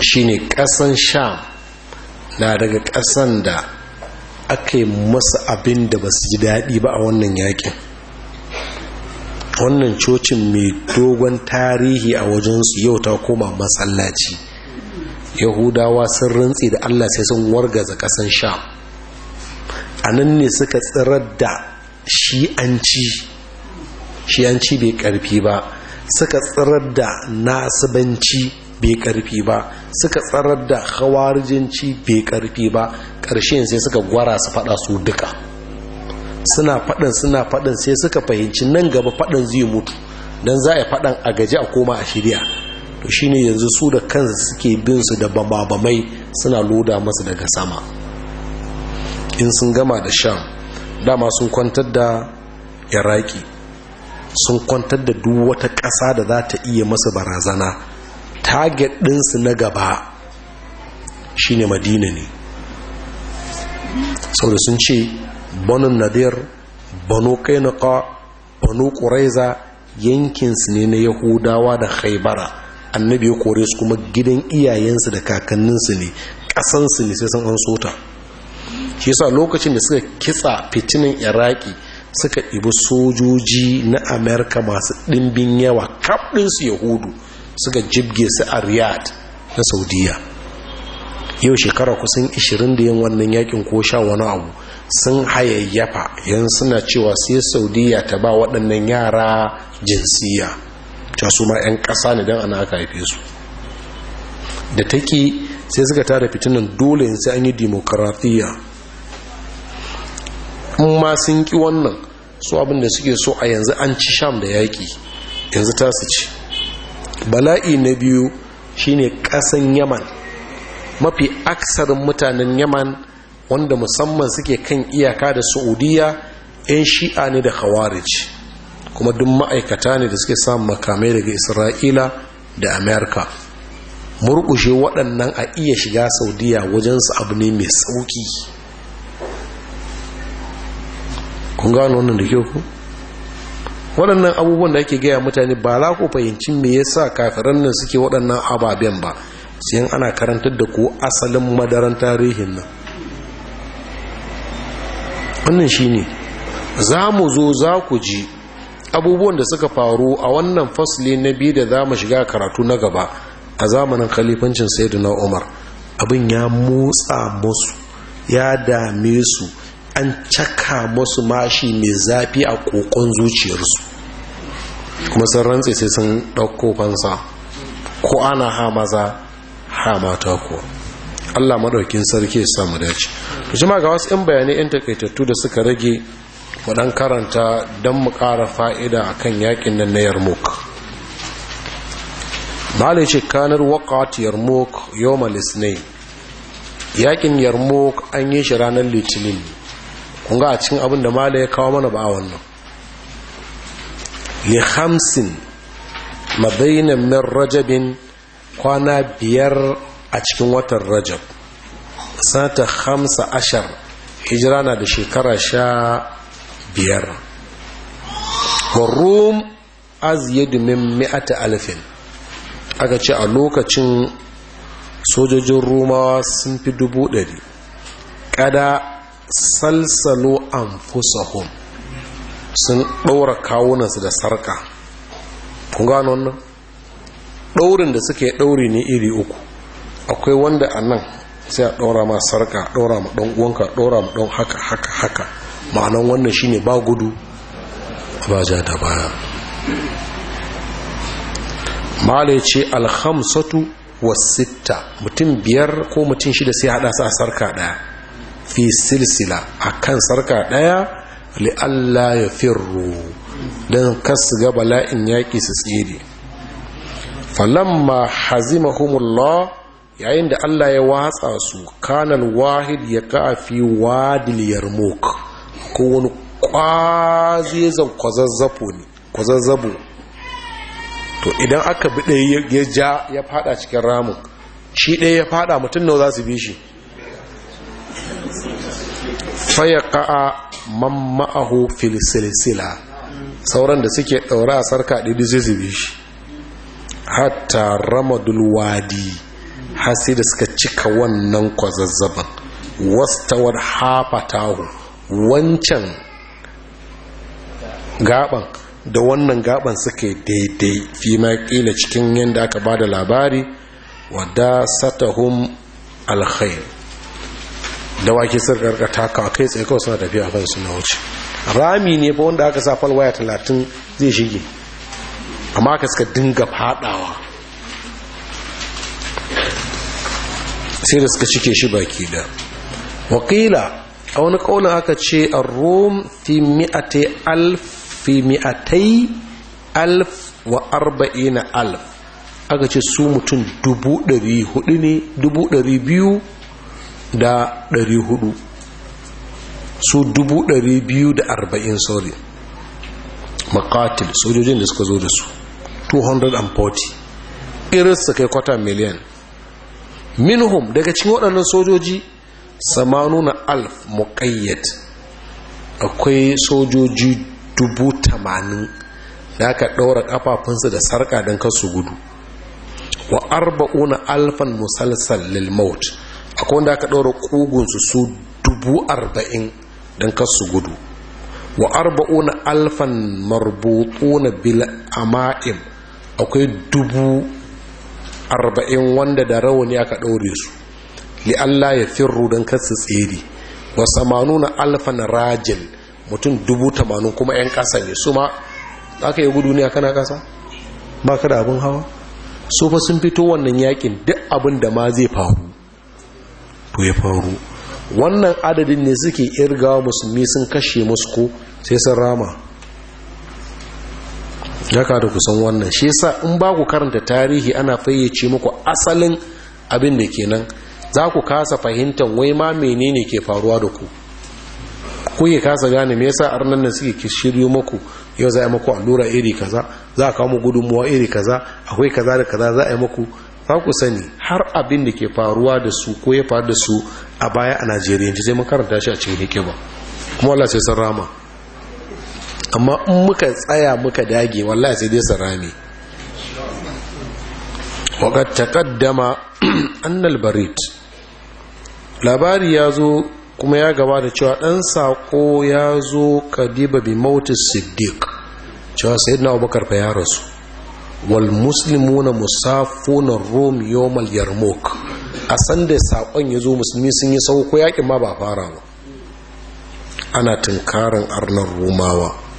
shine kasan sham na daga kasan da aka yi masa abin da ba su ji daɗi ba a wannan yakin wannan cocin mai dogon tarihi a wajen su yau ta koma masallaci yahudawa sun rantsi da allah sai sun wargaza kasan sha a nan ne suka tsirar da shi'anci shi'anci bai karfi ba suka tsirar da nasibanci bai karfi ba suka tsirar da hawarijinci bai karfi ba ƙarshen sai suka gwara su faɗa su duka suna faɗin suna faɗin sai suka fahimci nan gaba faɗin zai mutu don za a faɗin a gaji a koma a shirya to shine yanzu su da kansu suke bin su da bamabamai suna loda masu daga sama in sun gama da sham dama sun kwantar da iraki sun kwantar da duk wata ƙasa da za ta iya masu barazana target ɗinsu na gaba shine madina ne saboda sun ce banu nadir banu kainuka banu ƙuraiza yankinsu ne na yahudawa da khaybara annabi ya kore su kuma gidan iyayensu da kakanninsu ne ƙasansu ne sai sun an sota shi yasa lokacin da suka kitsa fitinin iraki suka ibi sojoji na amerika masu ɗimbin yawa kaɗinsu yahudu suka jibge su a riyad na saudiya yau shekara kusan 20 da yin wannan yakin ko sha wani abu sun hayayyafa yan suna cewa sai saudiya ta ba waɗannan yara jinsiya ta su ma 'yan ƙasa ne don ana aka haife su da take sai suka tara fitinan dole sai an yi demokaratiyya in ma sun ki wannan su abinda suke so a yanzu an ci sham da yaƙi yanzu ta su ci bala'i na biyu shine ƙasan yaman mafi aksarin mutanen yaman wanda musamman suke kan iyaka da saudiya 'yan shi'a ne da khawarij kuma duk ma'aikata ne da suke samun makamai daga isra'ila da amerika murkushe waɗannan a iya shiga saudiya wajensu abu ne mai sauki kun gano wannan da kyau ku waɗannan abubuwan da ake gaya mutane ba za ku fahimci me yasa kafiran nan suke waɗannan ababen ba sai ana karantar da ku asalin madaran tarihin nan wannan shine za mu zo za ku ji abubuwan da suka faru a wannan fasli na biyu da za mu shiga karatu na gaba a zamanin kalifancin khalifancin na umar abin ya motsa musu ya dame su an caka masu mashi mai zafi a kokon zuciyarsu kuma sun rantse sai sun ɗauko fansa ko ana ha maza ha mata kuwa allah maɗaukin sarki ya samu dace jima ga wasu 'yan bayanai 'yan takaitattu da suka rage wadan karanta don mu ƙara fa'ida a kan yakin nan na yarmouk malai ce kanar wakat yarmouk yoma ne, yakin yarmouk an yi shi ranar litinin kunga a cikin abin da malai ya kawo mana ba a wannan li hamsin madainan min rajabin kwana biyar a cikin watan rajab sata hamsa ashar hijira na da shekara sha biyar warum azyadu min mi'ata alfin aka ce a lokacin sojojin rumawa sun fi dubu ɗari kada salsalo anfusahum sun ɗaura kawunansu da sarka kun gano wannan ɗaurin da suke ɗauri ne iri uku akwai wanda a nan sai a ɗora ma sarka ɗora ma ɗan uwanka ɗora ma ɗan haka haka haka ma'anan wannan shine ba gudu ba ja da baya mala ya ce alhamsatu wasitta mutum biyar ko mutum shida sai haɗa sa a sarka ɗaya fi silsila a kan sarka ɗaya li'alla ya firro don kasu ga bala'in yaƙi su tsere falamma hazimahumullah yayin da Allah ya watsa su kanal wahid ya kafi wadil yarmouk ko wani kwazezan kwazazzabo ne kwazazzabo to idan aka bi ya ja ya fada cikin ramin shi ɗaya ya fada mutum nau za su bi shi faya ka'a man ma'ahu sauran da suke ɗaura a sarka ɗidi zai su bi shi hatta ramadul wadi har sai da suka cika wannan kwazazzaban wastawar hafatahu wancan gaban da wannan gaban suke daidai fi ma kila cikin yadda aka ba da labari wadda satahum alkhair da wake sun karkata ka kai tsaye kawai suna tafiya kan suna wuce rami ne fa wanda aka sa falwaya talatin zai shige amma aka suka dinga fadawa sai da suka cike shi baki da wakila a wani ƙaunar aka ce a rom fi mi'atai alf fi mi'atai alf wa na alf aka ce su mutum dubu ɗari hudu ne dubu ɗari biyu da ɗari hudu su dubu ɗari biyu da arba'in sauri. makatil sojojin da suka zo da su 240 irinsa kai kwata miliyan minhum daga cikin waɗannan sojoji samanu na alf muƙayyad akwai sojoji dubu tamanin da aka ɗaura ƙafafunsu da sarƙa don kasu gudu wa arba'u na alfan musalsal lil maut akwai wanda aka ɗaura ƙugunsu su dubu arba'in don kasu gudu wa arba'u na alfan na bil ama'im akwai dubu arba'in wanda da rawani aka ɗaure su Allah ya firru don kasu tsere wa samanu alfa na rajin mutum dubu tamanin kuma 'yan ƙasa ne su ma aka yi gudu ne kana ƙasa ba ka da abin hawa su fa sun fito wannan yakin duk abin da ma zai faru to ya faru wannan adadin ne suke irgawa musulmi sun kashe musu ko sai sun rama ya da ku san wannan shi yasa in ba ku karanta tarihi ana fayyace muku asalin abin da kenan za ku kasa fahimtar wai ma menene ke faruwa da ku ku yi kasa gane me yasa arnan nan suke shiryo muku yau za a yi muku allura iri kaza za a kawo gudunmuwa iri kaza akwai kaza da kaza za a yi muku za ku sani har abin da ke faruwa da su ko ya faru da su a baya a najeriya sai mun karanta shi a cikin hikima kuma Allah sai san rama amma in muka tsaya muka dage wallahi sai dai sarami waqad taqaddama <clears throat> annal barit labari ya kuma ya gabata cewa dan sako yazo zo kadiba bi mauti siddiq cewa sayyidina abubakar fa ya rasu wal muslimuna musafuna rum yawmal yarmuk, a sanda sakon yazo zo musulmi sun yi sauko yakin ma ba fara ba ana tunkarin arnar rumawa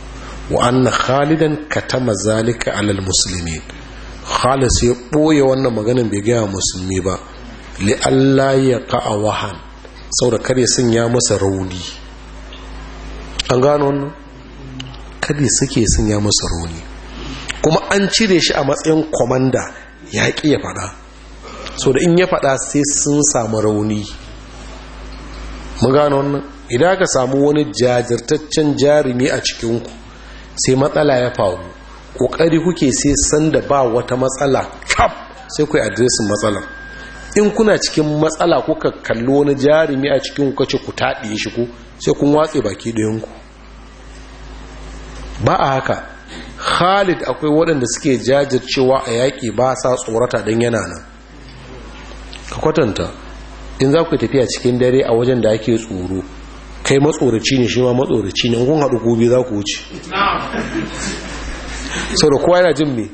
wa anna khalidan katama zalika alal muslimin khalid sai ya ɓoye wannan maganin bai gaya musulmi ba li Allah ya ka'a wahan saboda kar ya sanya masa rauni an gano wannan kar ya suke sanya masa rauni kuma an cire shi a matsayin kwamanda ya ƙi ya faɗa so da in ya faɗa sai sun samu rauni mun gano wannan idan ka samu wani jajirtaccen jarumi a cikinku sai matsala ya faru ƙoƙari kuke sai sanda ba wata matsala kaf sai ku adresin matsala in kuna cikin matsala kuka kalli wani jarumi a cikin kuka ce ku taɗiye shi ku sai kun watse baki ɗayanku ba a haka khalid akwai waɗanda suke jajircewa a yaki ba sa tsorata don yana nan ka kwatanta in za ku tafiya cikin dare a wajen da ake tsoro kai matsoraci ne shi ma matsoraci ne kun haɗu gobe za ku wuce sau da kowa yana jin me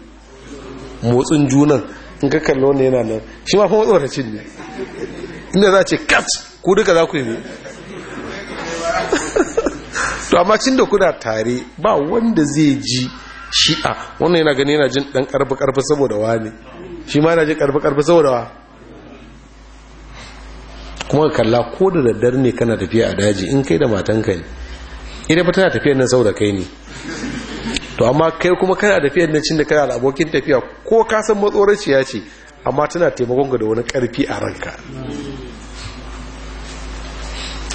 motsin junan in ka kalli wanda yana nan shi ma fa matsoraci ne inda za ce kat ku duka za ku yi <laughs> to amma cin da kuna tare ba wanda zai ji shi'a wannan yana gani yana jin ɗan ƙarfi-ƙarfi saboda wa ne shi ma yana jin ƙarfi-ƙarfi saboda wa kuma ka kalla ko da daddare ne kana tafiya a daji in kai da matanka ne idan fa tana tafiyar nan saboda kai ne to amma kai kuma kana tafiyar nan cinda kana da abokin tafiya ko ka san ya ce amma tana taimakon ga da wani karfi a ranka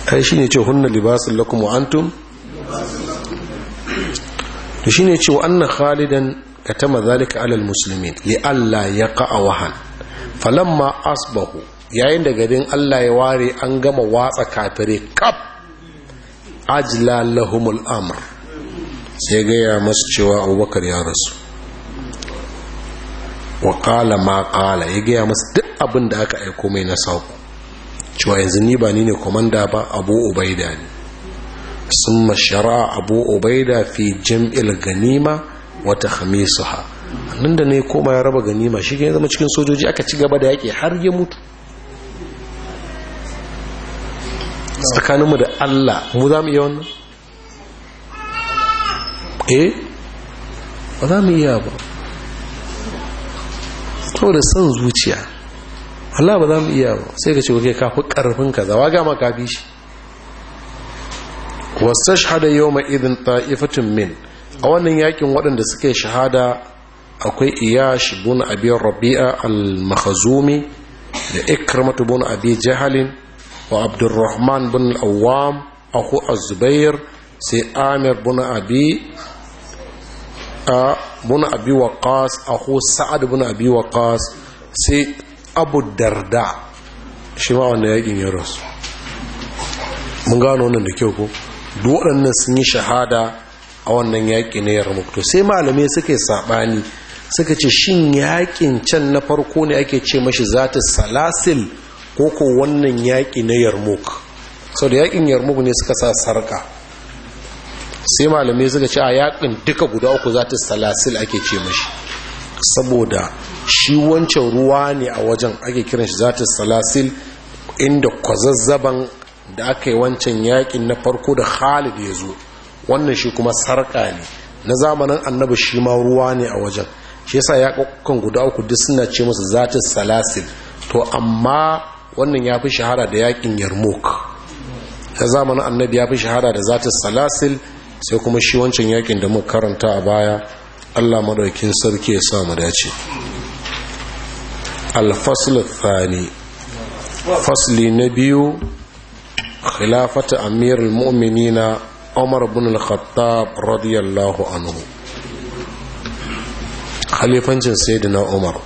kai shine ce hunna libasul lakum wa antum to shine ce wa anna khalidan ta zalika alal muslimin li alla yaqa wahan falamma asbahu yayin da garin Allah ya ware an gama watsa kafire kaf ajila lahumul amr sai gaya masu cewa abubakar ya rasu wa kala ma kala ya gaya masu duk abin da aka aiko mai na saƙo cewa yanzu ni ba ni ne komanda ba abu ubaida ne sun mashara abu ubaida fi jam'il ganima wata ha nan da ne koma ya raba ganima shi ya zama cikin sojoji aka ci gaba da yaƙi har ya mutu tsakaninmu da Allah mu za mu iya wannan eh ba za mu iya ba to da son zuciya Allah ba za mu iya ba sai ka ce wake kafi karfin ka zawa gama ka bi shi wasu shahada yau mai idin ta'ifatin min a wannan yakin waɗanda suke shahada akwai shi bun abi rabi'a al-makhazumi da ikramatu buna abin jahalin wa abdurrahman bin awam aku azubair sai amir bin abi a bin abi waqas sa'ad bin abi waqas sai abu darda shi ma wannan yakin ya rasu mun gano wannan da kyau ko duk waɗannan sun yi shahada a wannan yaƙi na yarmuk to sai malamai suka saɓani suka ce shin yaƙin can na farko ne ake ce mashi zata salasil koko wannan yaƙi na Yarmuk. sau da yaƙin yarmuk ne suka sa sarka sai malamai suka ce a yaƙin duka guda uku za ta salasil ake ce mashi saboda shi wancan ruwa ne a wajen ake kiran shi za ta salasil inda kwazazzaban da aka yi wancan yaƙin na farko da khalid ya zo wannan shi kuma sarka ne na zamanin annabi shi ma ruwa ne a wajen shi yasa yaƙin guda uku duk suna ce masa za ta salasil to amma wannan ya fi shahara da yakin yarmouk ta zamanin annabi ya fi shahara da zata salasil sai kuma shi wancan yakin da muka karanta a baya allah maɗaukin sarki ya sa mu dace alfasul fasli na biyu khilafata amirul mu'minina umar bin al-khattab radiyallahu anhu khalifancin sayyidina umar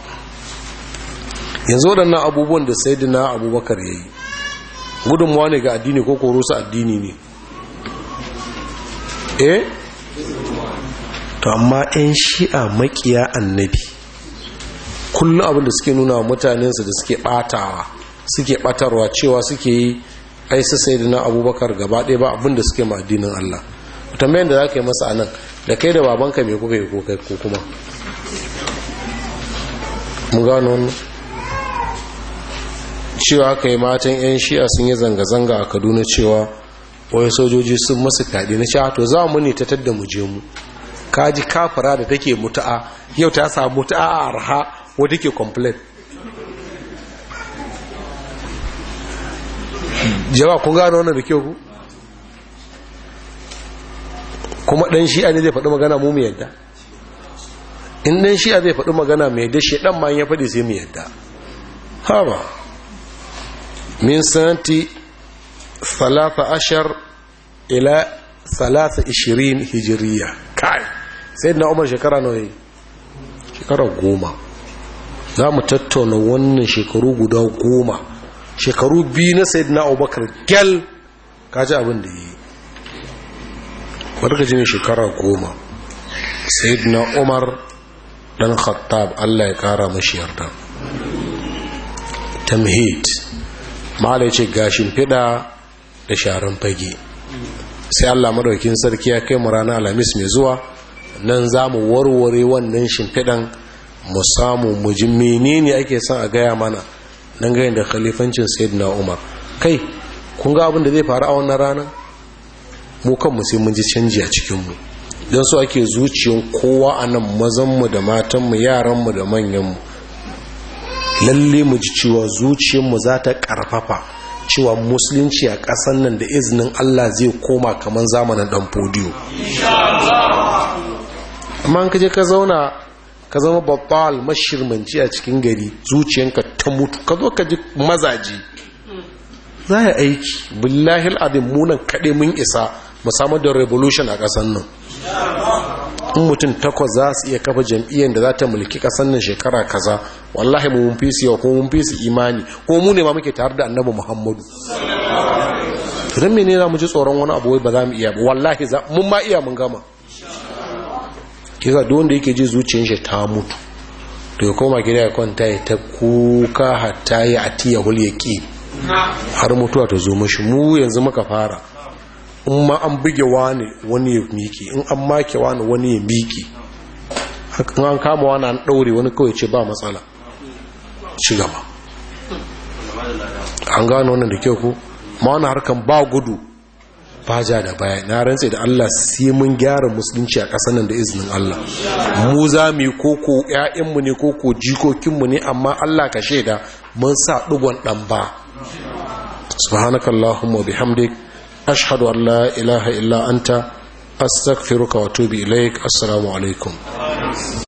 yanzu waɗannan abubuwan da saidina abubakar ya yi gudunmuwa ne ga addini ko koro su addini ne eh to amma 'yan shi'a makiya annabi kullum abin da suke nuna mutanensu da suke batawa suke batarwa cewa suke yi aisa dina abubakar gaba ɗaya ba abin da suke ma addinin allah tambayin da za ka yi masa anan da kai da babanka mai kuka yi ko kuma Mu gano wannan cewa kai matan 'yan shi'a sun yi zanga-zanga a kaduna cewa wani sojoji sun masu kaɗi na sha to za mu ne ta tadda mu je mu Ka ji kafara da take mutu'a yau ta samu mutu'a a arha wadda ke complain jama'a kun gano wannan da kyau ku kuma ɗan shi'a ne zai faɗi magana mu mu yadda in ɗan shi'a zai faɗi magana mai yadda shi ɗan ma ya faɗi sai mu yadda ba min sanati salata ashar ila salata ishirin hijiriya kai sai na umar shekara nawa yi shekara goma za mu tattauna wannan shekaru guda goma shekaru biyu na sayid abubakar gyal kaji abin da yi wadda jini shekara goma sayid na umar dan khattab allah ya ƙara mashi yarda malai ce gashin fida da sharan fage sai allah madaukin sarki ya kai mu ranar alhamis mai zuwa nan za mu warware wannan shimfiɗan mu samu mu ji menene ake son a gaya mana nan gayin da khalifancin sayyidina umar kai kun ga abin da zai faru a wannan rana mu kanmu sai mun ji canji a cikinmu don su ake zuciyan kowa a nan mazanmu da matanmu yaranmu da manyanmu lalle mu ji cewa zuciyarmu za ta karfafa cewa musulunci a ƙasan nan da izinin Allah zai koma kamar zamanin dan fodiyo amma ka je ka zauna ka zama babbal mashirmanci a cikin gari zuciyarka ta mutu ka zo ka ji mazaji za ya aiki billahi al'adun munan kaɗai mun isa mu samar da revolution a ƙasar nan in mutum takwas za su iya kafa jam'iyyar da za ta mulki kasan nan shekara kaza wallahi mu mun fi su yau ko mun fi su imani ko mu ne ma muke tare da annabi muhammadu idan mene za mu ji tsoron wani abu ba za mu iya ba? wallahi za mun ma iya mun gama ke za wanda yake ji zuciyar shi ta mutu Daga ya koma gida ya kwanta ya ta kuka hatta ya atiya hul yaqi har mutuwa ta zo mashi mu yanzu muka fara in ma an buge wani wani ya miki in an make wani wani ya miki in an kama wani an ɗaure wani kawai ce ba matsala ci gaba an gano wannan da kyau ku ma wani harkar ba gudu ba ja da baya na rantse da Allah sai mun gyara musulunci a ƙasar nan da izinin Allah mu za mu yi koko ƴaƴanmu ne koko jikokinmu ne amma Allah ka shaida mun sa ɗigon dan ba subhanakallahumma bihamdik ashhadu an ilaha illa anta astaghfiruka wa atubu assalamu alaikum